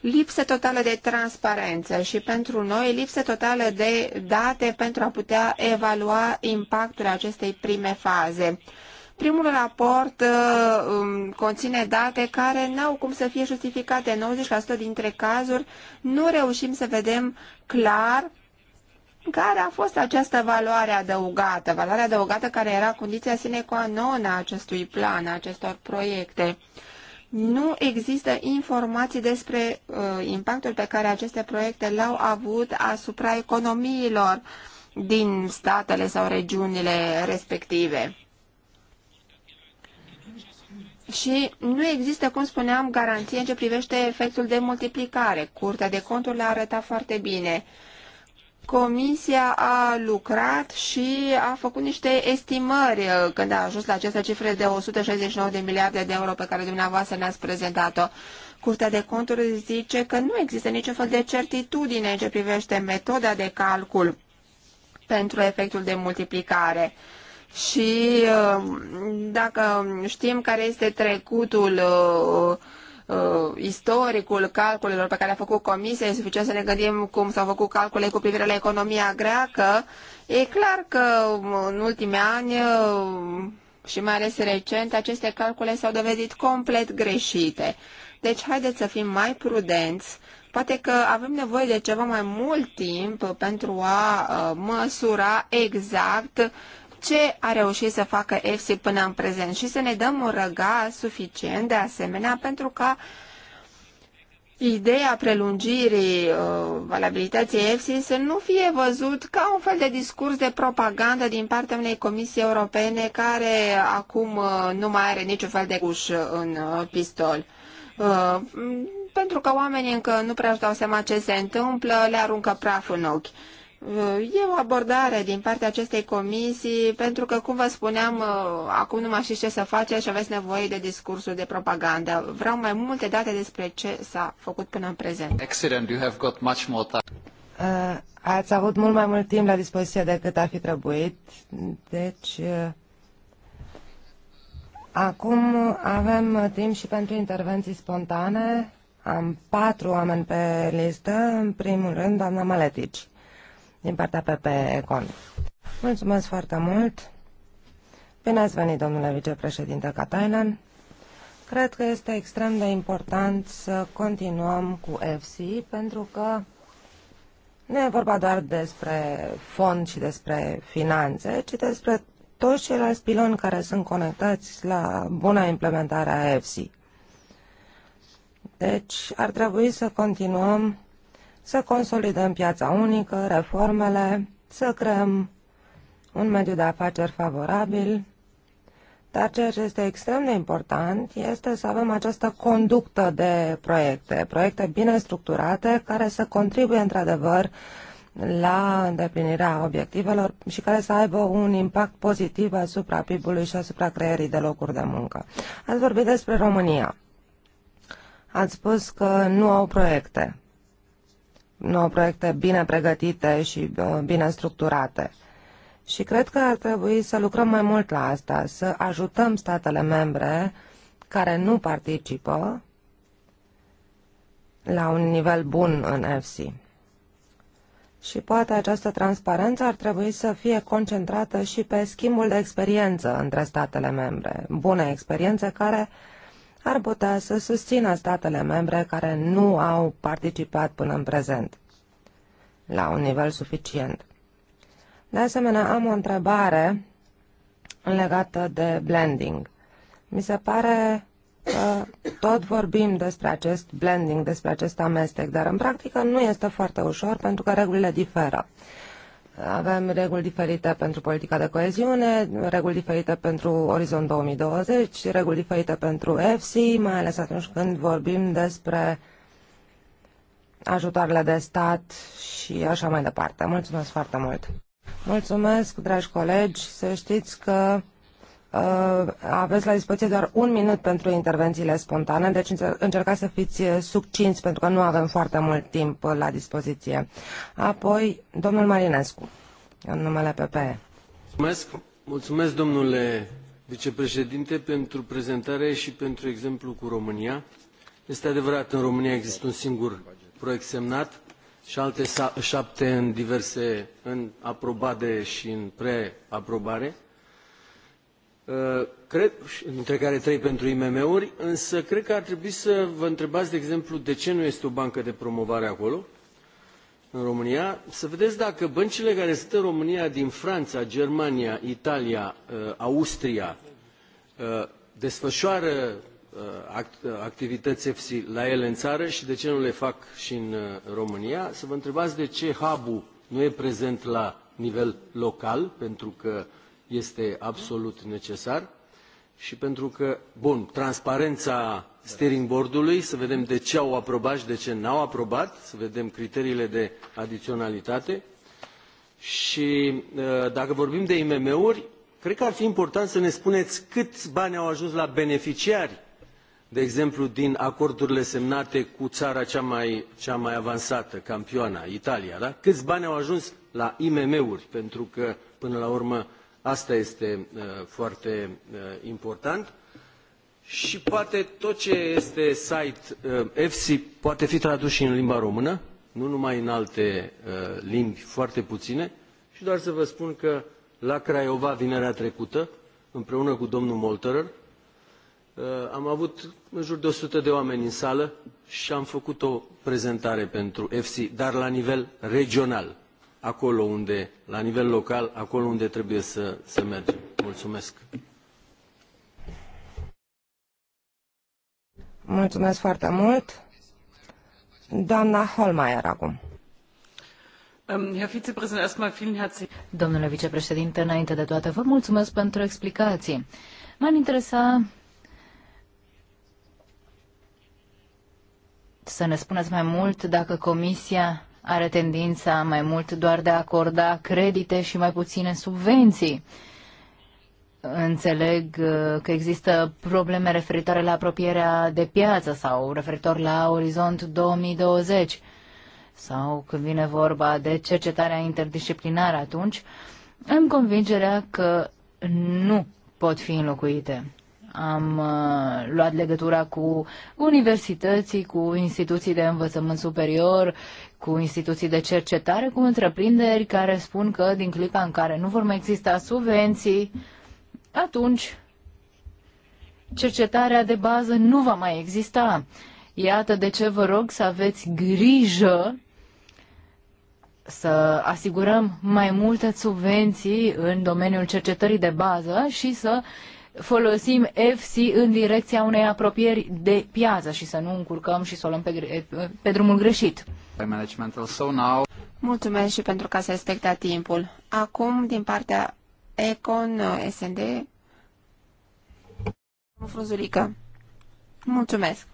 Speaker 1: lipsă totală de transparență și pentru noi lipsă totală de date pentru a putea evalua impactul acestei prime faze. Primul raport uh, um, conține date care n-au cum să fie justificate. 90% dintre cazuri nu reușim să vedem clar care a fost această valoare adăugată, valoarea adăugată care era condiția sine qua non a acestui plan, a acestor proiecte. Nu există informații despre uh, impactul pe care aceste proiecte l-au avut asupra economiilor din statele sau regiunile respective. Și nu există, cum spuneam, garanție în ce privește efectul de multiplicare. Curtea de conturi le-a arătat foarte bine. Comisia a lucrat și a făcut niște estimări uh, când a ajuns la aceste cifre de 169 de miliarde de euro pe care dumneavoastră ne-ați prezentat-o. Curtea de conturi zice că nu există niciun fel de certitudine în ce privește metoda de calcul pentru efectul de multiplicare și uh, dacă știm care este trecutul uh, uh, istoricul calculelor pe care a făcut comisia, e suficient să ne gândim cum s-au făcut calcule cu privire la economia greacă, e clar că în ultimii ani și mai ales recent, aceste calcule s-au dovedit complet greșite. Deci haideți să fim mai prudenți. Poate că avem nevoie de ceva mai mult timp pentru a măsura exact ce a reușit să facă EFSI până în prezent și să ne dăm un răga suficient de asemenea pentru ca ideea prelungirii uh, valabilității EFSI să nu fie văzut ca un fel de discurs de propagandă din partea unei comisii europene care acum uh, nu mai are niciun fel de ușă în uh, pistol. Uh, pentru că oamenii încă nu prea își dau seama ce se întâmplă, le aruncă praf în ochi. Uh, e o abordare din partea acestei comisii, pentru că, cum vă spuneam, uh, acum nu mai știți ce să faceți și aveți nevoie de discursuri de propagandă. Vreau mai multe date despre ce s-a făcut până în
Speaker 2: prezent. Excellent, you have got much more time. Uh,
Speaker 4: ați avut mult mai mult timp la dispoziție decât ar fi trebuit, deci... Acum avem timp și pentru intervenții spontane. Am patru oameni pe listă. În primul rând, doamna Maletici din partea PP Econ. Mulțumesc foarte mult! Bine ați venit, domnule vicepreședinte Catainan! Cred că este extrem de important să continuăm cu EFSI, pentru că nu e vorba doar despre fond și despre finanțe, ci despre toți ceilalți piloni care sunt conectați la buna implementare a EFSI. Deci ar trebui să continuăm să consolidăm piața unică, reformele, să creăm un mediu de afaceri favorabil, dar ceea ce este extrem de important este să avem această conductă de proiecte, proiecte bine structurate care să contribuie într-adevăr la îndeplinirea obiectivelor și care să aibă un impact pozitiv asupra PIB-ului și asupra creierii de locuri de muncă. Ați vorbit despre România. Ați spus că nu au proiecte nouă proiecte bine pregătite și uh, bine structurate. Și cred că ar trebui să lucrăm mai mult la asta, să ajutăm statele membre care nu participă la un nivel bun în FC. Și poate această transparență ar trebui să fie concentrată și pe schimbul de experiență între statele membre, bune experiențe care uh, ar putea să susțină statele membre care nu au participat până în prezent la un nivel suficient. De asemenea, am o întrebare legată de blending. Mi se pare că tot vorbim despre acest blending, despre acest amestec, dar în practică nu este foarte ușor pentru că regulile diferă. Avem reguli diferite pentru politica de coeziune, reguli diferite pentru Orizont 2020, reguli diferite pentru EFSI, mai ales atunci când vorbim despre ajutoarele de stat și așa mai departe. Mulțumesc foarte mult! Mulțumesc, dragi colegi, să știți că Uh, aveți la dispoziție doar un minut pentru intervențiile spontane, deci încercați să fiți uh, succinți pentru că nu avem foarte mult timp uh, la dispoziție. Apoi, domnul Marinescu, în numele PPE.
Speaker 2: Mulțumesc, mulțumesc domnule vicepreședinte pentru prezentare și pentru exemplu cu România. Este adevărat, în România există un singur proiect semnat și alte șapte în diverse, în aprobare și în preaprobare. aprobare Uh, dintre care trei pentru IMM-uri, însă cred că ar trebui să vă întrebați, de exemplu, de ce nu este o bancă de promovare acolo, în România, să vedeți dacă băncile care sunt în România din Franța, Germania, Italia, uh, Austria, uh, desfășoară activități EFSI la ele în țară și de ce nu le fac și în România, să vă întrebați de ce hub-ul nu e prezent la nivel local, pentru că este absolut necesar și pentru că, bun, transparența steering board-ului, să vedem de ce au aprobat și de ce n-au aprobat, să vedem criteriile de adiționalitate. Și uh, dacă vorbim de IMM-uri, cred că ar fi important să ne spuneți câți bani au ajuns la beneficiari, de exemplu, din acordurile semnate cu țara cea mai, cea mai avansată, campioana, Italia, da? Câți bani au ajuns la IMM-uri, pentru că, până la urmă, Asta este uh, foarte uh, important. Și poate tot ce este site EFSI uh, poate fi tradus și în limba română, nu numai în alte limbi foarte puține. Și doar să vă spun că la Craiova, vinerea trecută, împreună cu domnul Molterer, am avut în jur de 100 de oameni în sală și am făcut o prezentare pentru EFSI, dar la nivel regional acolo unde, la nivel local, acolo unde trebuie să, să mergem. Mulțumesc!
Speaker 4: Mulțumesc foarte mult! Doamna Holmeier acum.
Speaker 2: Ehm,
Speaker 3: Domnule vicepreședinte, înainte de toate, vă mulțumesc pentru explicații. M-ar interesa să ne spuneți mai mult dacă Comisia are tendința mai mult doar de a acorda credite și mai puține subvenții. Înțeleg uh, că există probleme referitoare la apropierea de piață sau referitor la Orizont 2020 sau când vine vorba de cercetarea interdisciplinară atunci, am convingerea că nu pot fi înlocuite. Am uh, luat legătura cu universității, cu instituții de învățământ superior, cu instituții de cercetare, cu întreprinderi care spun că din clipa în care nu vor mai exista subvenții, atunci cercetarea de bază nu va mai exista. Iată de ce vă rog să aveți grijă să asigurăm mai multe subvenții în domeniul cercetării de bază și să uh, folosim FC în direcția unei apropieri de piață și să nu încurcăm și să o luăm pe, pe drumul greșit. Mulțumesc și pentru că ați respectat timpul.
Speaker 1: Acum, din partea Econ SND, Frunzulică. Mulțumesc.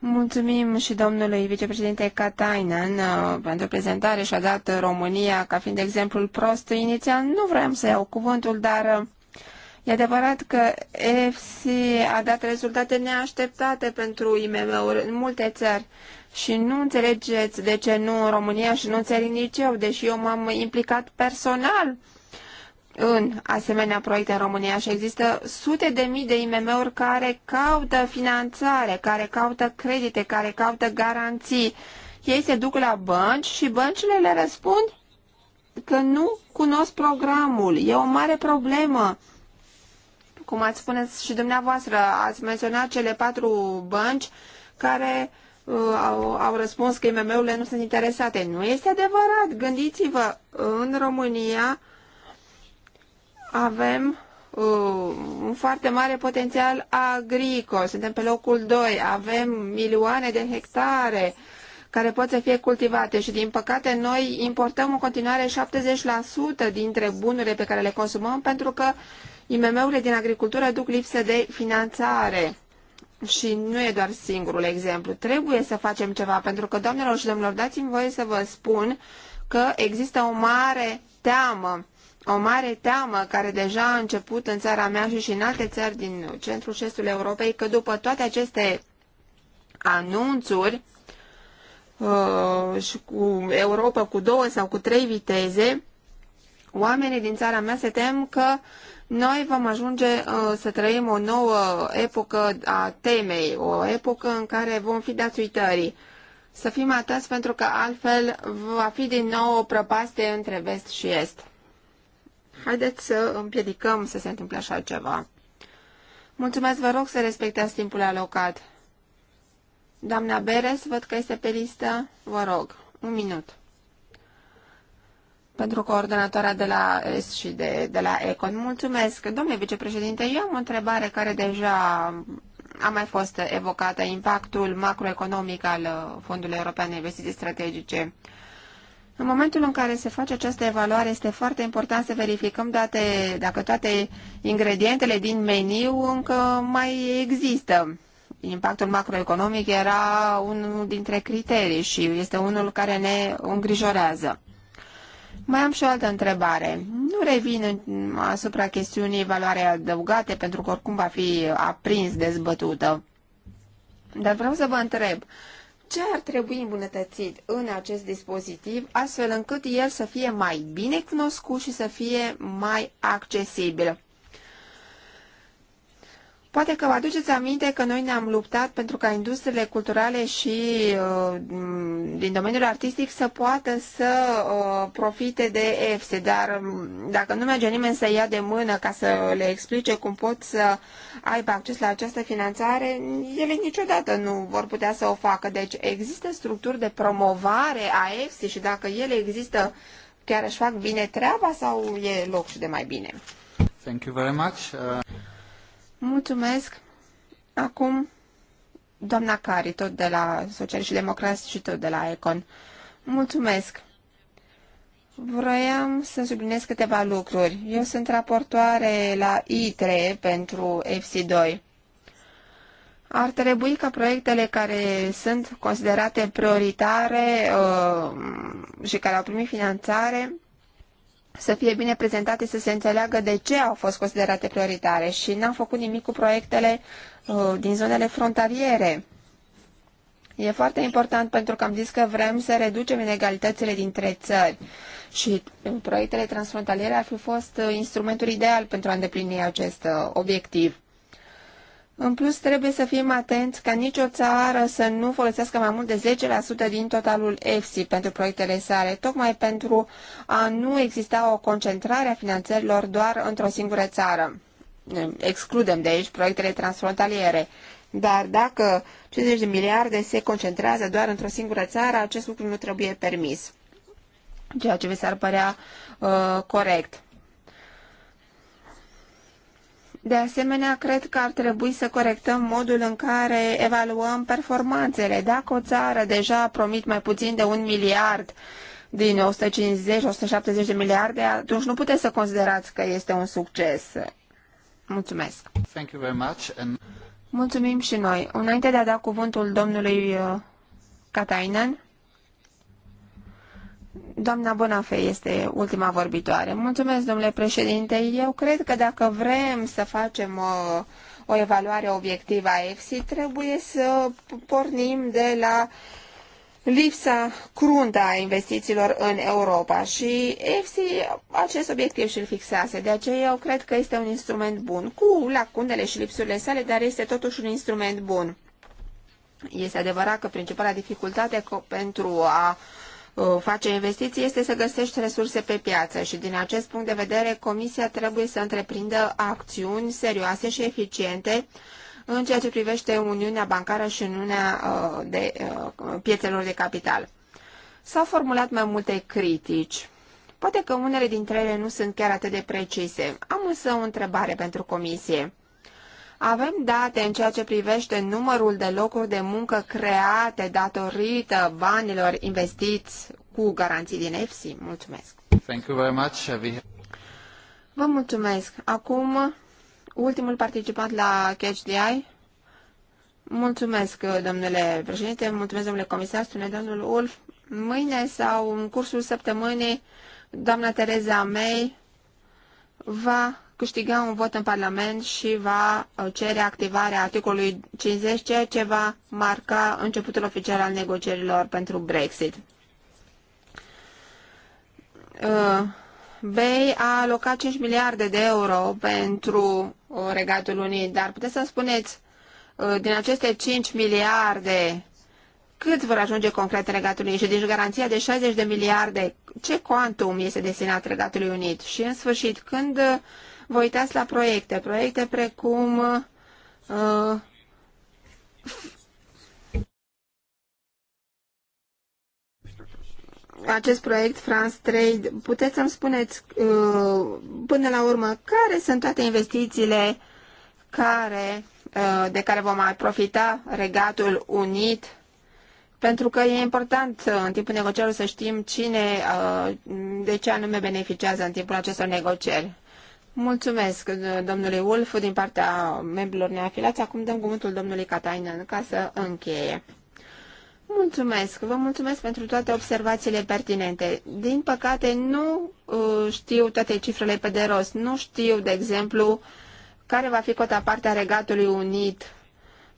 Speaker 1: Mulțumim și domnului vicepreședinte Katainen uh, pentru prezentare și a dat România ca fiind exemplul prost. Inițial nu vreau să iau cuvântul, dar uh, e adevărat că EFC a dat rezultate neașteptate pentru IMM-uri în multe țări și nu înțelegeți de ce nu în România și nu în țări nici eu, deși eu m-am implicat personal în asemenea proiecte în România și există sute de mii de IMM-uri care caută finanțare, care caută credite, care caută garanții. Ei se duc la bănci și băncile le răspund că nu cunosc programul. E o mare problemă. Cum ați spune și dumneavoastră, ați menționat cele patru bănci care uh, au, au răspuns că IMM-urile nu sunt interesate. Nu este adevărat. Gândiți-vă, în România avem uh, un foarte mare potențial agricol, suntem pe locul 2, avem milioane de hectare care pot să fie cultivate și din păcate noi importăm în continuare 70% dintre bunurile pe care le consumăm pentru că IMM-urile din agricultură duc lipsă de finanțare. Și nu e doar singurul exemplu. Trebuie să facem ceva, pentru că, doamnelor și domnilor, dați-mi voie să vă spun că există o mare teamă o mare teamă care deja a început în țara mea și, și în alte țări din centrul și estul Europei, că după toate aceste anunțuri uh, și cu Europa cu două sau cu trei viteze, oamenii din țara mea se tem că noi vom ajunge uh, să trăim o nouă epocă a temei, o epocă în care vom fi dați uitării. Să fim atenți pentru că altfel va fi din nou o prăpaste între vest și est. Haideți să împiedicăm să se întâmple așa ceva. Mulțumesc, vă rog să respectați timpul alocat. Doamna Beres, văd că este pe listă. Vă rog, un minut. Pentru coordonatoarea de la S și de, de la Econ. Mulțumesc. Domnule vicepreședinte, eu am o întrebare care deja a mai fost evocată, impactul macroeconomic al Fondului European de Investiții Strategice. În momentul în care se face această evaluare, este foarte important să verificăm date, dacă toate ingredientele din meniu încă mai există. Impactul macroeconomic era unul dintre criterii și este unul care ne îngrijorează. Mai am și o altă întrebare. Nu revin asupra chestiunii valoare adăugate, pentru că oricum va fi aprins dezbătută. Dar vreau să vă întreb, ce ar trebui îmbunătățit în acest dispozitiv, astfel încât el să fie mai bine cunoscut și să fie mai accesibil. Poate că vă aduceți aminte că noi ne-am luptat pentru ca industriile culturale și uh, din domeniul artistic să poată să uh, profite de EFSE, dar um, dacă nu merge nimeni să ia de mână ca să le explice cum pot să aibă acces la această finanțare, ele niciodată nu vor putea să o facă. Deci există structuri de promovare a EFSE și dacă ele există, chiar își fac bine treaba sau e loc și de mai bine?
Speaker 2: Thank you very much. Uh...
Speaker 1: Mulțumesc. Acum, doamna Cari, tot de la Social și Democrați și tot de la Econ. Mulțumesc. Vroiam să subliniez câteva lucruri. Eu sunt raportoare la ITRE pentru FC2. Ar trebui ca proiectele care sunt considerate prioritare uh, și care au primit finanțare să fie bine prezentate, să se înțeleagă de ce au fost considerate prioritare și n-am făcut nimic cu proiectele uh, din zonele frontaliere. E foarte important pentru că am zis că vrem să reducem inegalitățile dintre țări și uh, proiectele transfrontaliere ar fi fost uh, instrumentul ideal pentru a îndeplini acest uh, obiectiv. În plus, trebuie să fim atenți ca nicio țară să nu folosească mai mult de 10% din totalul EFSI pentru proiectele sale, tocmai pentru a nu exista o concentrare a finanțărilor doar într-o singură țară. Excludem de aici proiectele transfrontaliere. Dar dacă 50 de miliarde se concentrează doar într-o singură țară, acest lucru nu trebuie permis, ceea ce vi s-ar părea uh, corect. De asemenea, cred că ar trebui să corectăm modul în care evaluăm performanțele. Dacă o țară deja a promit mai puțin de un miliard din 150-170 de miliarde, atunci nu puteți să considerați că este un succes. Mulțumesc.
Speaker 2: Thank you very much and...
Speaker 1: Mulțumim și noi. Înainte de a da cuvântul domnului uh, Katainen, Doamna Bonafe este ultima vorbitoare. Mulțumesc, domnule președinte. Eu cred că dacă vrem să facem o, o evaluare obiectivă a EFSI, trebuie să pornim de la lipsa cruntă a investițiilor în Europa și EFSI acest obiectiv și-l fixase. De aceea eu cred că este un instrument bun, cu lacunele și lipsurile sale, dar este totuși un instrument bun. Este adevărat că principala dificultate pentru a Uh, face investiții este să găsești resurse pe piață și din acest punct de vedere Comisia trebuie să întreprindă acțiuni serioase și eficiente în ceea ce privește Uniunea Bancară și Uniunea uh, de, uh, Piețelor de Capital. S-au formulat mai multe critici. Poate că unele dintre ele nu sunt chiar atât de precise. Am însă o întrebare pentru Comisie. Avem date în ceea ce privește numărul de locuri de muncă create datorită banilor investiți cu garanții din EFSI? Mulțumesc!
Speaker 2: Thank you very much.
Speaker 1: Vă mulțumesc! Acum, ultimul participat la Catch the Eye. Mulțumesc, domnule președinte, mulțumesc, domnule comisar, spune domnul Ulf. Mâine sau în cursul săptămânii, doamna Tereza May va câștiga un vot în Parlament și va uh, cere activarea articolului 50, ceea ce va marca începutul oficial al negocierilor pentru Brexit. Uh, Bay a alocat 5 miliarde de euro pentru uh, Regatul Unit, dar puteți să spuneți din aceste 5 miliarde cât vor ajunge concret regatul Unit și deci garanția de 60 de miliarde, ce quantum este destinat Regatului Unit? Și în sfârșit, când vă uitați la proiecte, proiecte precum uh, acest proiect France Trade, puteți să-mi spuneți uh, până la urmă care sunt toate investițiile care, uh, de care vom mai profita Regatul Unit? Pentru că e important uh, în timpul negocierilor să știm cine, de ce anume beneficiază în timpul acestor negocieri. Mulțumesc, domnule Wolf, din partea membrilor neafilați. Acum dăm cuvântul domnului Catainen ca să încheie. Mulțumesc, vă mulțumesc pentru toate observațiile pertinente. Din păcate, nu uh, știu toate cifrele pe de rost. Nu știu, de exemplu, care va fi cota partea Regatului Unit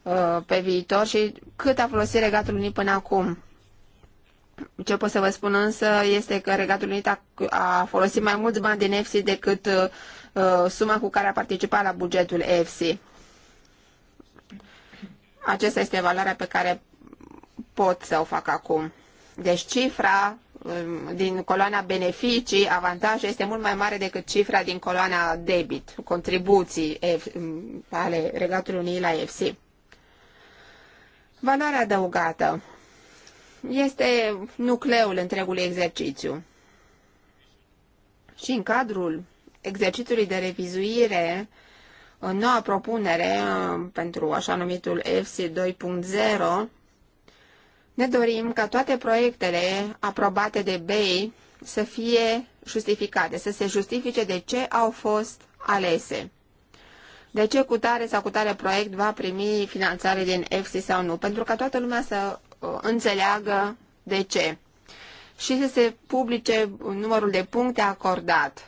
Speaker 1: uh, pe viitor și cât a folosit Regatul Unit până acum. Ce pot să vă spun însă este că Regatul Unit a, a folosit mai mulți bani din EFSI decât uh, uh, suma cu care a participat la bugetul EFSI. Acesta este valoarea pe care pot să o fac acum. Deci cifra um, din coloana beneficii, avantaje, este mult mai mare decât cifra din coloana debit, contribuții um, ale Regatului Unii la EFSI. Valoarea adăugată este nucleul întregului exercițiu. Și în cadrul exercițiului de revizuire, în noua propunere uh, pentru așa numitul FC 2.0, ne dorim ca toate proiectele aprobate de BEI să fie justificate, să se justifice de ce au fost alese. De ce cu tare sau cu tare proiect va primi finanțare din EFSI sau nu? Pentru ca toată lumea să înțeleagă de ce și să se publice numărul de puncte acordat.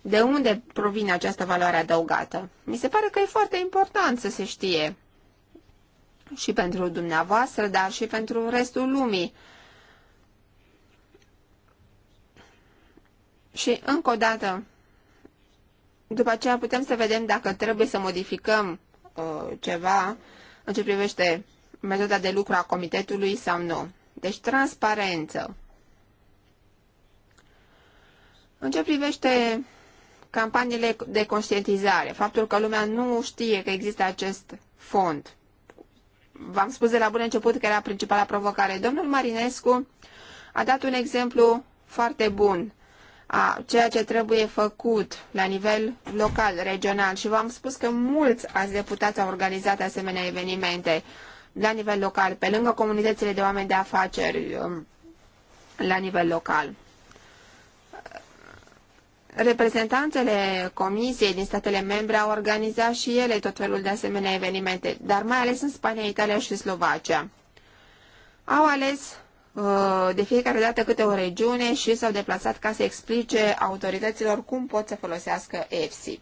Speaker 1: De unde provine această valoare adăugată? Mi se pare că e foarte important să se știe și pentru dumneavoastră, dar și pentru restul lumii. Și încă o dată, după aceea putem să vedem dacă trebuie să modificăm uh, ceva în ce privește metoda de lucru a comitetului sau nu. Deci transparență. În ce privește campaniile de conștientizare, faptul că lumea nu știe că există acest fond. V-am spus de la bun început că era principala provocare. Domnul Marinescu a dat un exemplu foarte bun a ceea ce trebuie făcut la nivel local, regional și v-am spus că mulți ați deputați au organizat asemenea evenimente la nivel local, pe lângă comunitățile de oameni de afaceri um, la nivel local. Reprezentanțele Comisiei din statele membre au organizat și ele tot felul de asemenea evenimente, dar mai ales în Spania, Italia și Slovacia. Au ales uh, de fiecare dată câte o regiune și s-au deplasat ca să explice autorităților cum pot să folosească EFSI.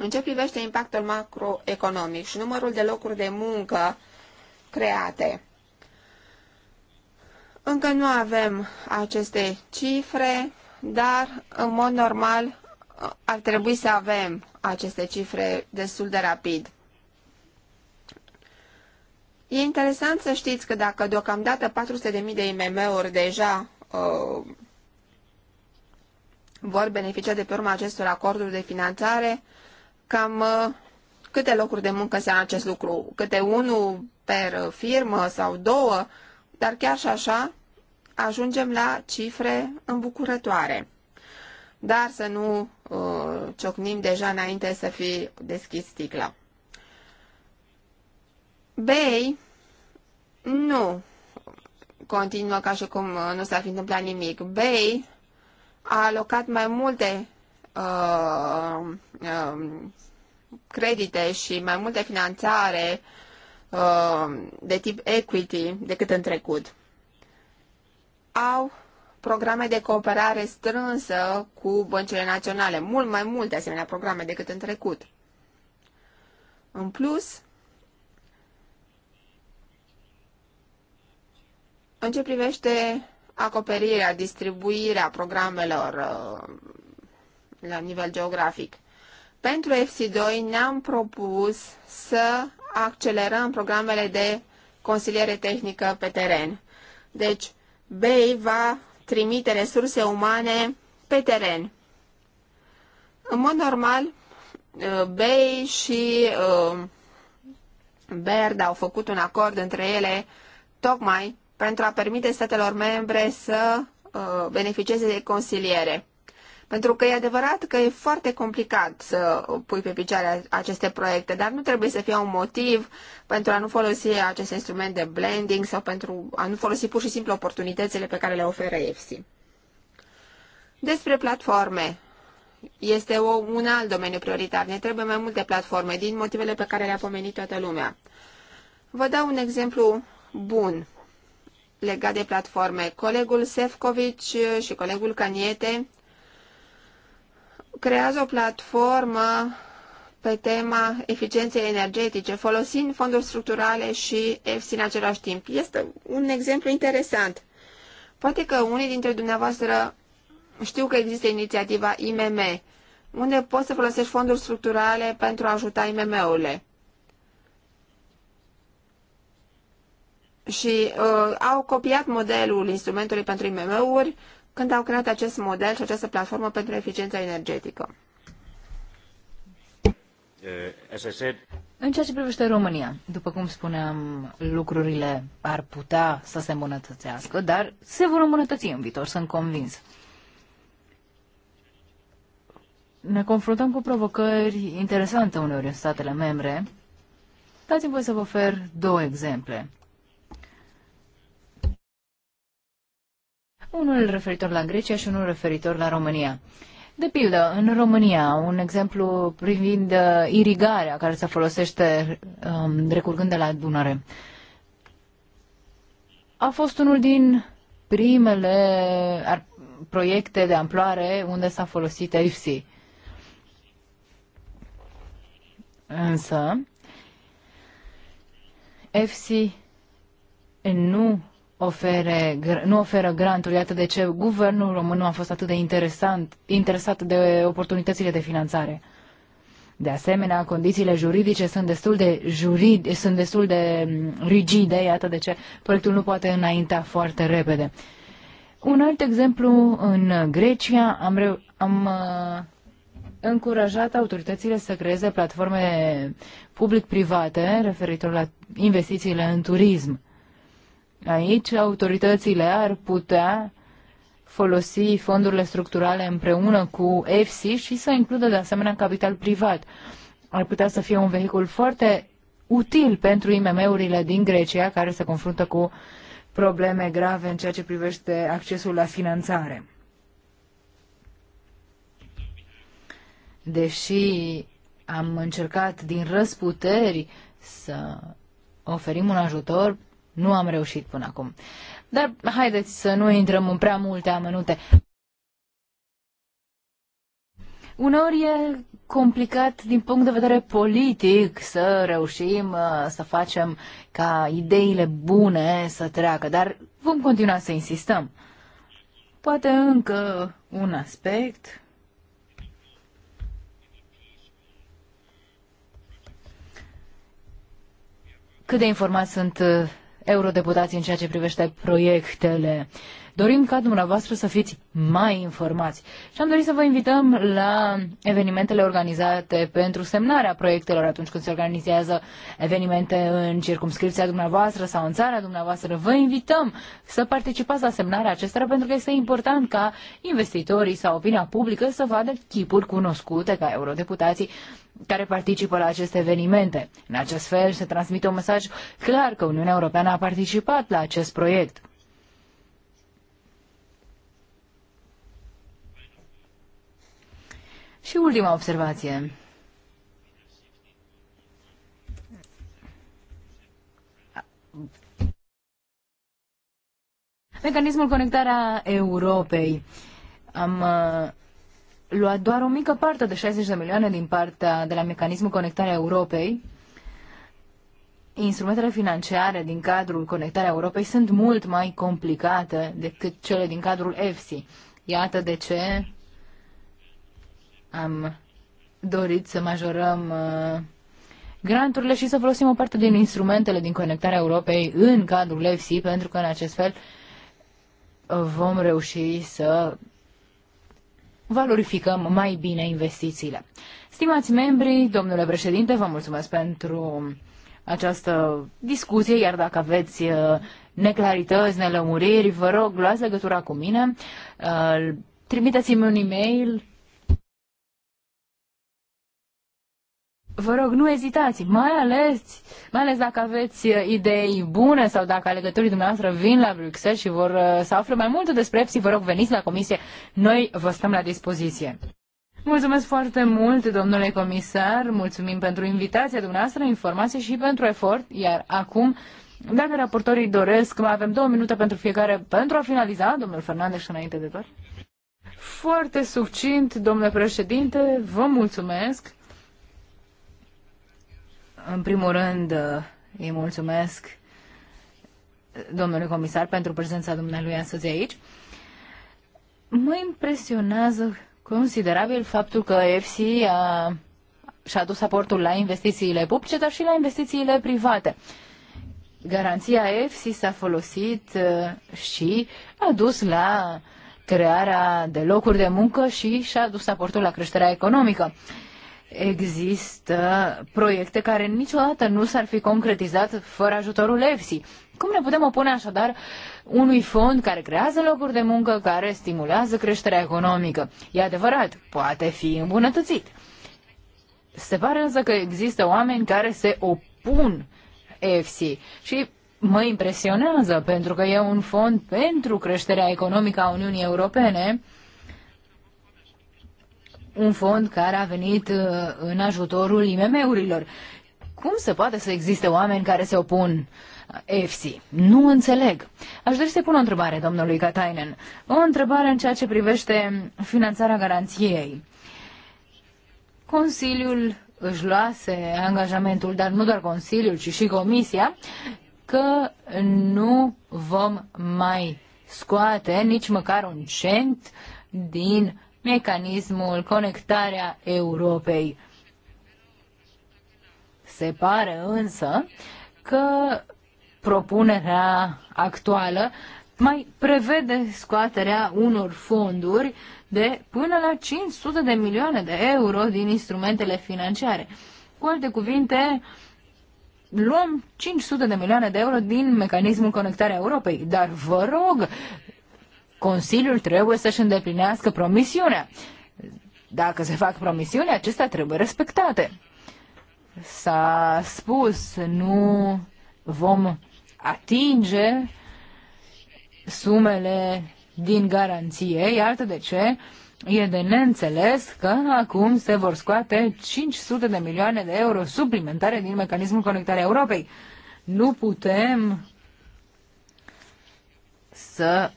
Speaker 1: În ce privește impactul macroeconomic și numărul de locuri de muncă create, încă nu avem aceste cifre, dar în mod normal ar trebui să avem aceste cifre destul de rapid. E interesant să știți că dacă deocamdată 400.000 de IMM-uri deja uh, vor beneficia de pe urma acestor acorduri de finanțare, cam uh, câte locuri de muncă înseamnă acest lucru, câte unul per firmă sau două, dar chiar și așa ajungem la cifre îmbucurătoare. Dar să nu uh, ciocnim deja înainte să fi deschis sticla. Bei nu continuă ca și cum uh, nu s-ar fi întâmplat nimic. Bei a alocat mai multe uh, um, credite și mai multe finanțare uh, de tip equity decât în trecut. Au programe de cooperare strânsă cu băncile naționale, mult mai multe asemenea programe decât în trecut. În plus, în ce privește acoperirea, distribuirea programelor uh, la nivel geografic. Pentru FC2 ne-am propus să accelerăm programele de consiliere tehnică pe teren. Deci, BEI va trimite resurse umane pe teren. În mod normal, BEI și uh, BERD au făcut un acord între ele tocmai pentru a permite statelor membre să uh, beneficieze de consiliere. Pentru că e adevărat că e foarte complicat să pui pe picioare aceste proiecte, dar nu trebuie să fie un motiv pentru a nu folosi acest instrument de blending sau pentru a nu folosi pur și simplu oportunitățile pe care le oferă EFSI. Despre platforme. Este o, un alt domeniu prioritar. Ne trebuie mai multe platforme din motivele pe care le-a pomenit toată lumea. Vă dau un exemplu bun legat de platforme. Colegul Sefcovici și colegul Caniete creează o platformă pe tema eficienței energetice, folosind fonduri structurale și EFSI în același timp. Este un exemplu interesant. Poate că unii dintre dumneavoastră știu că există inițiativa IMM, unde poți să folosești fonduri structurale pentru a ajuta IMM-urile. Și uh, au copiat modelul instrumentului pentru IMM-uri când au creat acest model și această platformă pentru eficiența energetică.
Speaker 2: Eh,
Speaker 3: în ceea ce privește România, după cum spuneam, lucrurile ar putea să se îmbunătățească, dar se vor îmbunătăți în viitor, sunt convins. Ne confruntăm cu provocări interesante uneori în statele membre. Dați-mi voi să vă ofer două exemple. unul referitor la Grecia și unul referitor la România. De pildă, în România, un exemplu privind uh, irigarea care se folosește um, recurgând de la Dunăre, a fost unul din primele proiecte de amploare unde s-a folosit EFSI. Însă, FC nu ofere, nu oferă granturi. Iată de ce guvernul român nu a fost atât de interesant, interesat de oportunitățile de finanțare. De asemenea, condițiile juridice sunt destul de, jurid, sunt destul de mm, rigide, iată de ce proiectul nu poate înainta foarte repede. Un alt exemplu, în Grecia am, reu- am uh, încurajat autoritățile să creeze platforme public-private referitor la investițiile în turism. Aici autoritățile ar putea folosi fondurile structurale împreună cu EFSI și să includă de asemenea capital privat. Ar putea să fie un vehicul foarte util pentru IMM-urile din Grecia care se confruntă cu probleme grave în ceea ce privește accesul la finanțare. Deși am încercat din răsputeri să oferim un ajutor, nu am reușit până acum. Dar haideți să nu intrăm în prea multe amănunte. Uneori e complicat din punct de vedere politic să reușim uh, să facem ca ideile bune să treacă, dar vom continua să insistăm. Poate încă un aspect. Cât de informați sunt uh, eurodeputații în ceea ce privește proiectele. Dorim ca dumneavoastră să fiți mai informați și am dorit să vă invităm la evenimentele organizate pentru semnarea proiectelor atunci când se organizează evenimente în circumscripția dumneavoastră sau în țara dumneavoastră. Vă invităm să participați la semnarea acestora pentru că este important ca investitorii sau opinia publică să vadă chipuri cunoscute ca eurodeputații care participă la aceste evenimente. În acest fel se transmite un mesaj clar că Uniunea Europeană a participat la acest proiect. Și ultima observație. Mecanismul conectarea Europei. Am uh, luat doar o mică parte de 60 de milioane din partea de la mecanismul conectarea Europei. Instrumentele financiare din cadrul conectarea Europei sunt mult mai complicate decât cele din cadrul EFSI. Iată de ce am dorit să majorăm uh, granturile și să folosim o parte din instrumentele din conectarea Europei în cadrul EFSI, pentru că în acest fel vom reuși să valorificăm mai bine investițiile. Stimați membri, domnule președinte, vă mulțumesc pentru această discuție, iar dacă aveți uh, neclarități, nelămuriri, vă rog, luați legătura cu mine, uh, trimiteți-mi un e-mail vă rog, nu ezitați, mai ales, mai ales dacă aveți uh, idei bune sau dacă alegătorii dumneavoastră vin la Bruxelles și vor uh, să afle mai multe despre EPSI, vă rog, veniți la comisie, noi vă stăm la dispoziție. Mulțumesc foarte mult, domnule comisar, mulțumim pentru invitația dumneavoastră, informație și pentru efort, iar acum, dacă raportorii doresc, mai avem două minute pentru fiecare, pentru a finaliza, domnul Fernandez, înainte de tot. Foarte succint, domnule președinte, vă mulțumesc. În primul rând, uh, îi mulțumesc domnului comisar pentru prezența dumnealui astăzi aici. Mă impresionează considerabil faptul că FC a, și-a dus aportul la investițiile publice, dar și la investițiile private. Garanția EFSI s-a folosit uh, și a dus la crearea de locuri de muncă și și-a dus aportul la creșterea economică există proiecte care niciodată nu s-ar fi concretizat fără ajutorul EFSI. Cum ne putem opune așadar unui fond care creează locuri de muncă, care stimulează creșterea economică? E adevărat, poate fi îmbunătățit. Se pare însă că există oameni care se opun EFSI și mă impresionează pentru că e un fond pentru creșterea economică a Uniunii Europene, un fond care a venit uh, în ajutorul IMM-urilor. Cum se poate să existe oameni care se opun EFSI? Nu înțeleg. Aș dori să pun o întrebare domnului Katainen. O întrebare în ceea ce privește finanțarea garanției. Consiliul își luase angajamentul, dar nu doar Consiliul, ci și Comisia, că nu vom mai scoate nici măcar un cent din mecanismul Conectarea Europei. Se pare însă că propunerea actuală mai prevede scoaterea unor fonduri de până la 500 de milioane de euro din instrumentele financiare. Cu alte cuvinte, luăm 500 de milioane de euro din mecanismul conectarea Europei, dar vă rog, Consiliul trebuie să-și îndeplinească promisiunea. Dacă se fac promisiuni, acestea trebuie respectate. S-a spus, nu vom atinge sumele din garanție, iată de ce e de neînțeles că acum se vor scoate 500 de milioane de euro suplimentare din mecanismul conectarea Europei. Nu putem să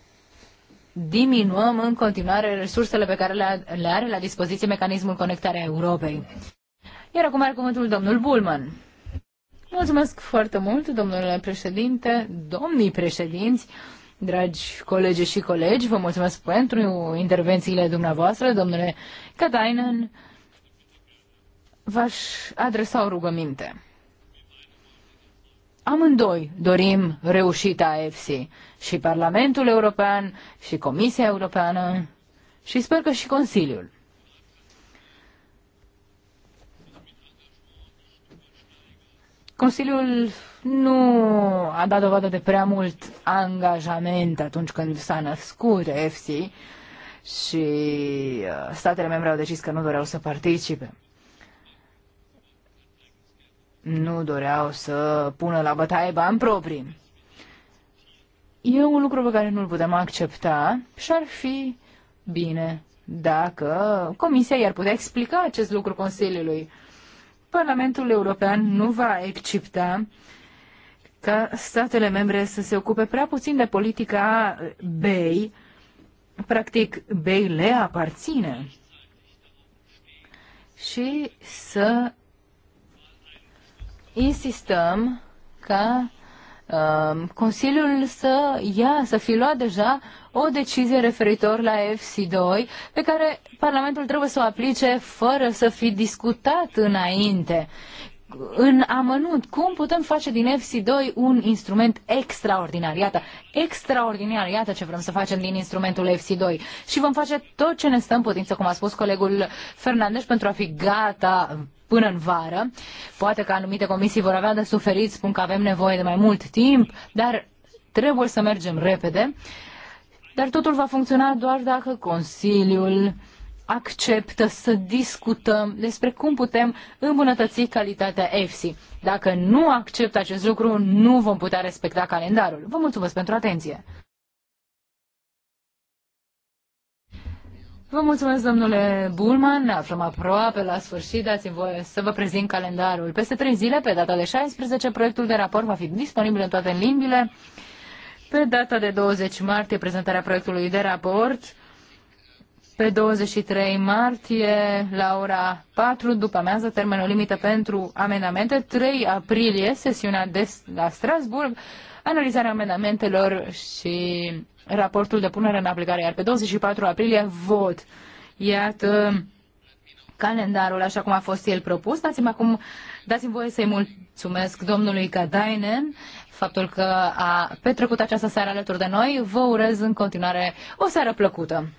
Speaker 3: diminuăm în continuare resursele pe care le are la dispoziție mecanismul conectarea Europei. Iar acum are cuvântul domnul Bulman. Mulțumesc foarte mult, domnule președinte, domnii președinți, dragi colegi și colegi, vă mulțumesc pentru intervențiile dumneavoastră, domnule Katainen. V-aș adresa o rugăminte amândoi dorim reușita EFSI, și Parlamentul European, și Comisia Europeană, și sper că și Consiliul. Consiliul nu a dat dovadă de prea mult angajament atunci când s-a născut EFSI și uh, statele membre au decis că nu doreau să participe nu doreau să pună la bătaie bani proprii. E un lucru pe care nu-l putem accepta și ar fi bine dacă Comisia i-ar putea explica acest lucru Consiliului. Parlamentul European nu va accepta ca statele membre să se ocupe prea puțin de politica BEI, practic BEI le aparține, și să insistăm ca uh, Consiliul să ia, să fi luat deja o decizie referitor la FC2 pe care Parlamentul trebuie să o aplice fără să fi discutat înainte în amănunt cum putem face din FC2 un instrument extraordinar. Iată, extraordinar, iată ce vrem să facem din instrumentul FC2. Și vom face tot ce ne stă în putință, cum a spus colegul Fernandez, pentru a fi gata până în vară. Poate că anumite comisii vor avea de suferit, spun că avem nevoie de mai mult timp, dar trebuie să mergem repede. Dar totul va funcționa doar dacă Consiliul acceptă să discutăm despre cum putem îmbunătăți calitatea EFSI. Dacă nu acceptă acest lucru, nu vom putea respecta calendarul. Vă mulțumesc pentru atenție! Vă mulțumesc, domnule Bulman. Ne aflăm aproape la sfârșit. Dați-mi voie să vă prezint calendarul. Peste trei zile, pe data de 16, proiectul de raport va fi disponibil în toate limbile. Pe data de 20 martie, prezentarea proiectului de raport. Pe 23 martie, la ora 4, după amează, termenul limită pentru amendamente. 3 aprilie, sesiunea de la Strasburg, analizarea amendamentelor și raportul de punere în aplicare, iar pe 24 aprilie vot. Iată calendarul așa cum a fost el propus. Dați-mi acum, dați-mi voie să-i mulțumesc domnului Cadainen faptul că a petrecut această seară alături de noi. Vă urez în continuare o seară plăcută.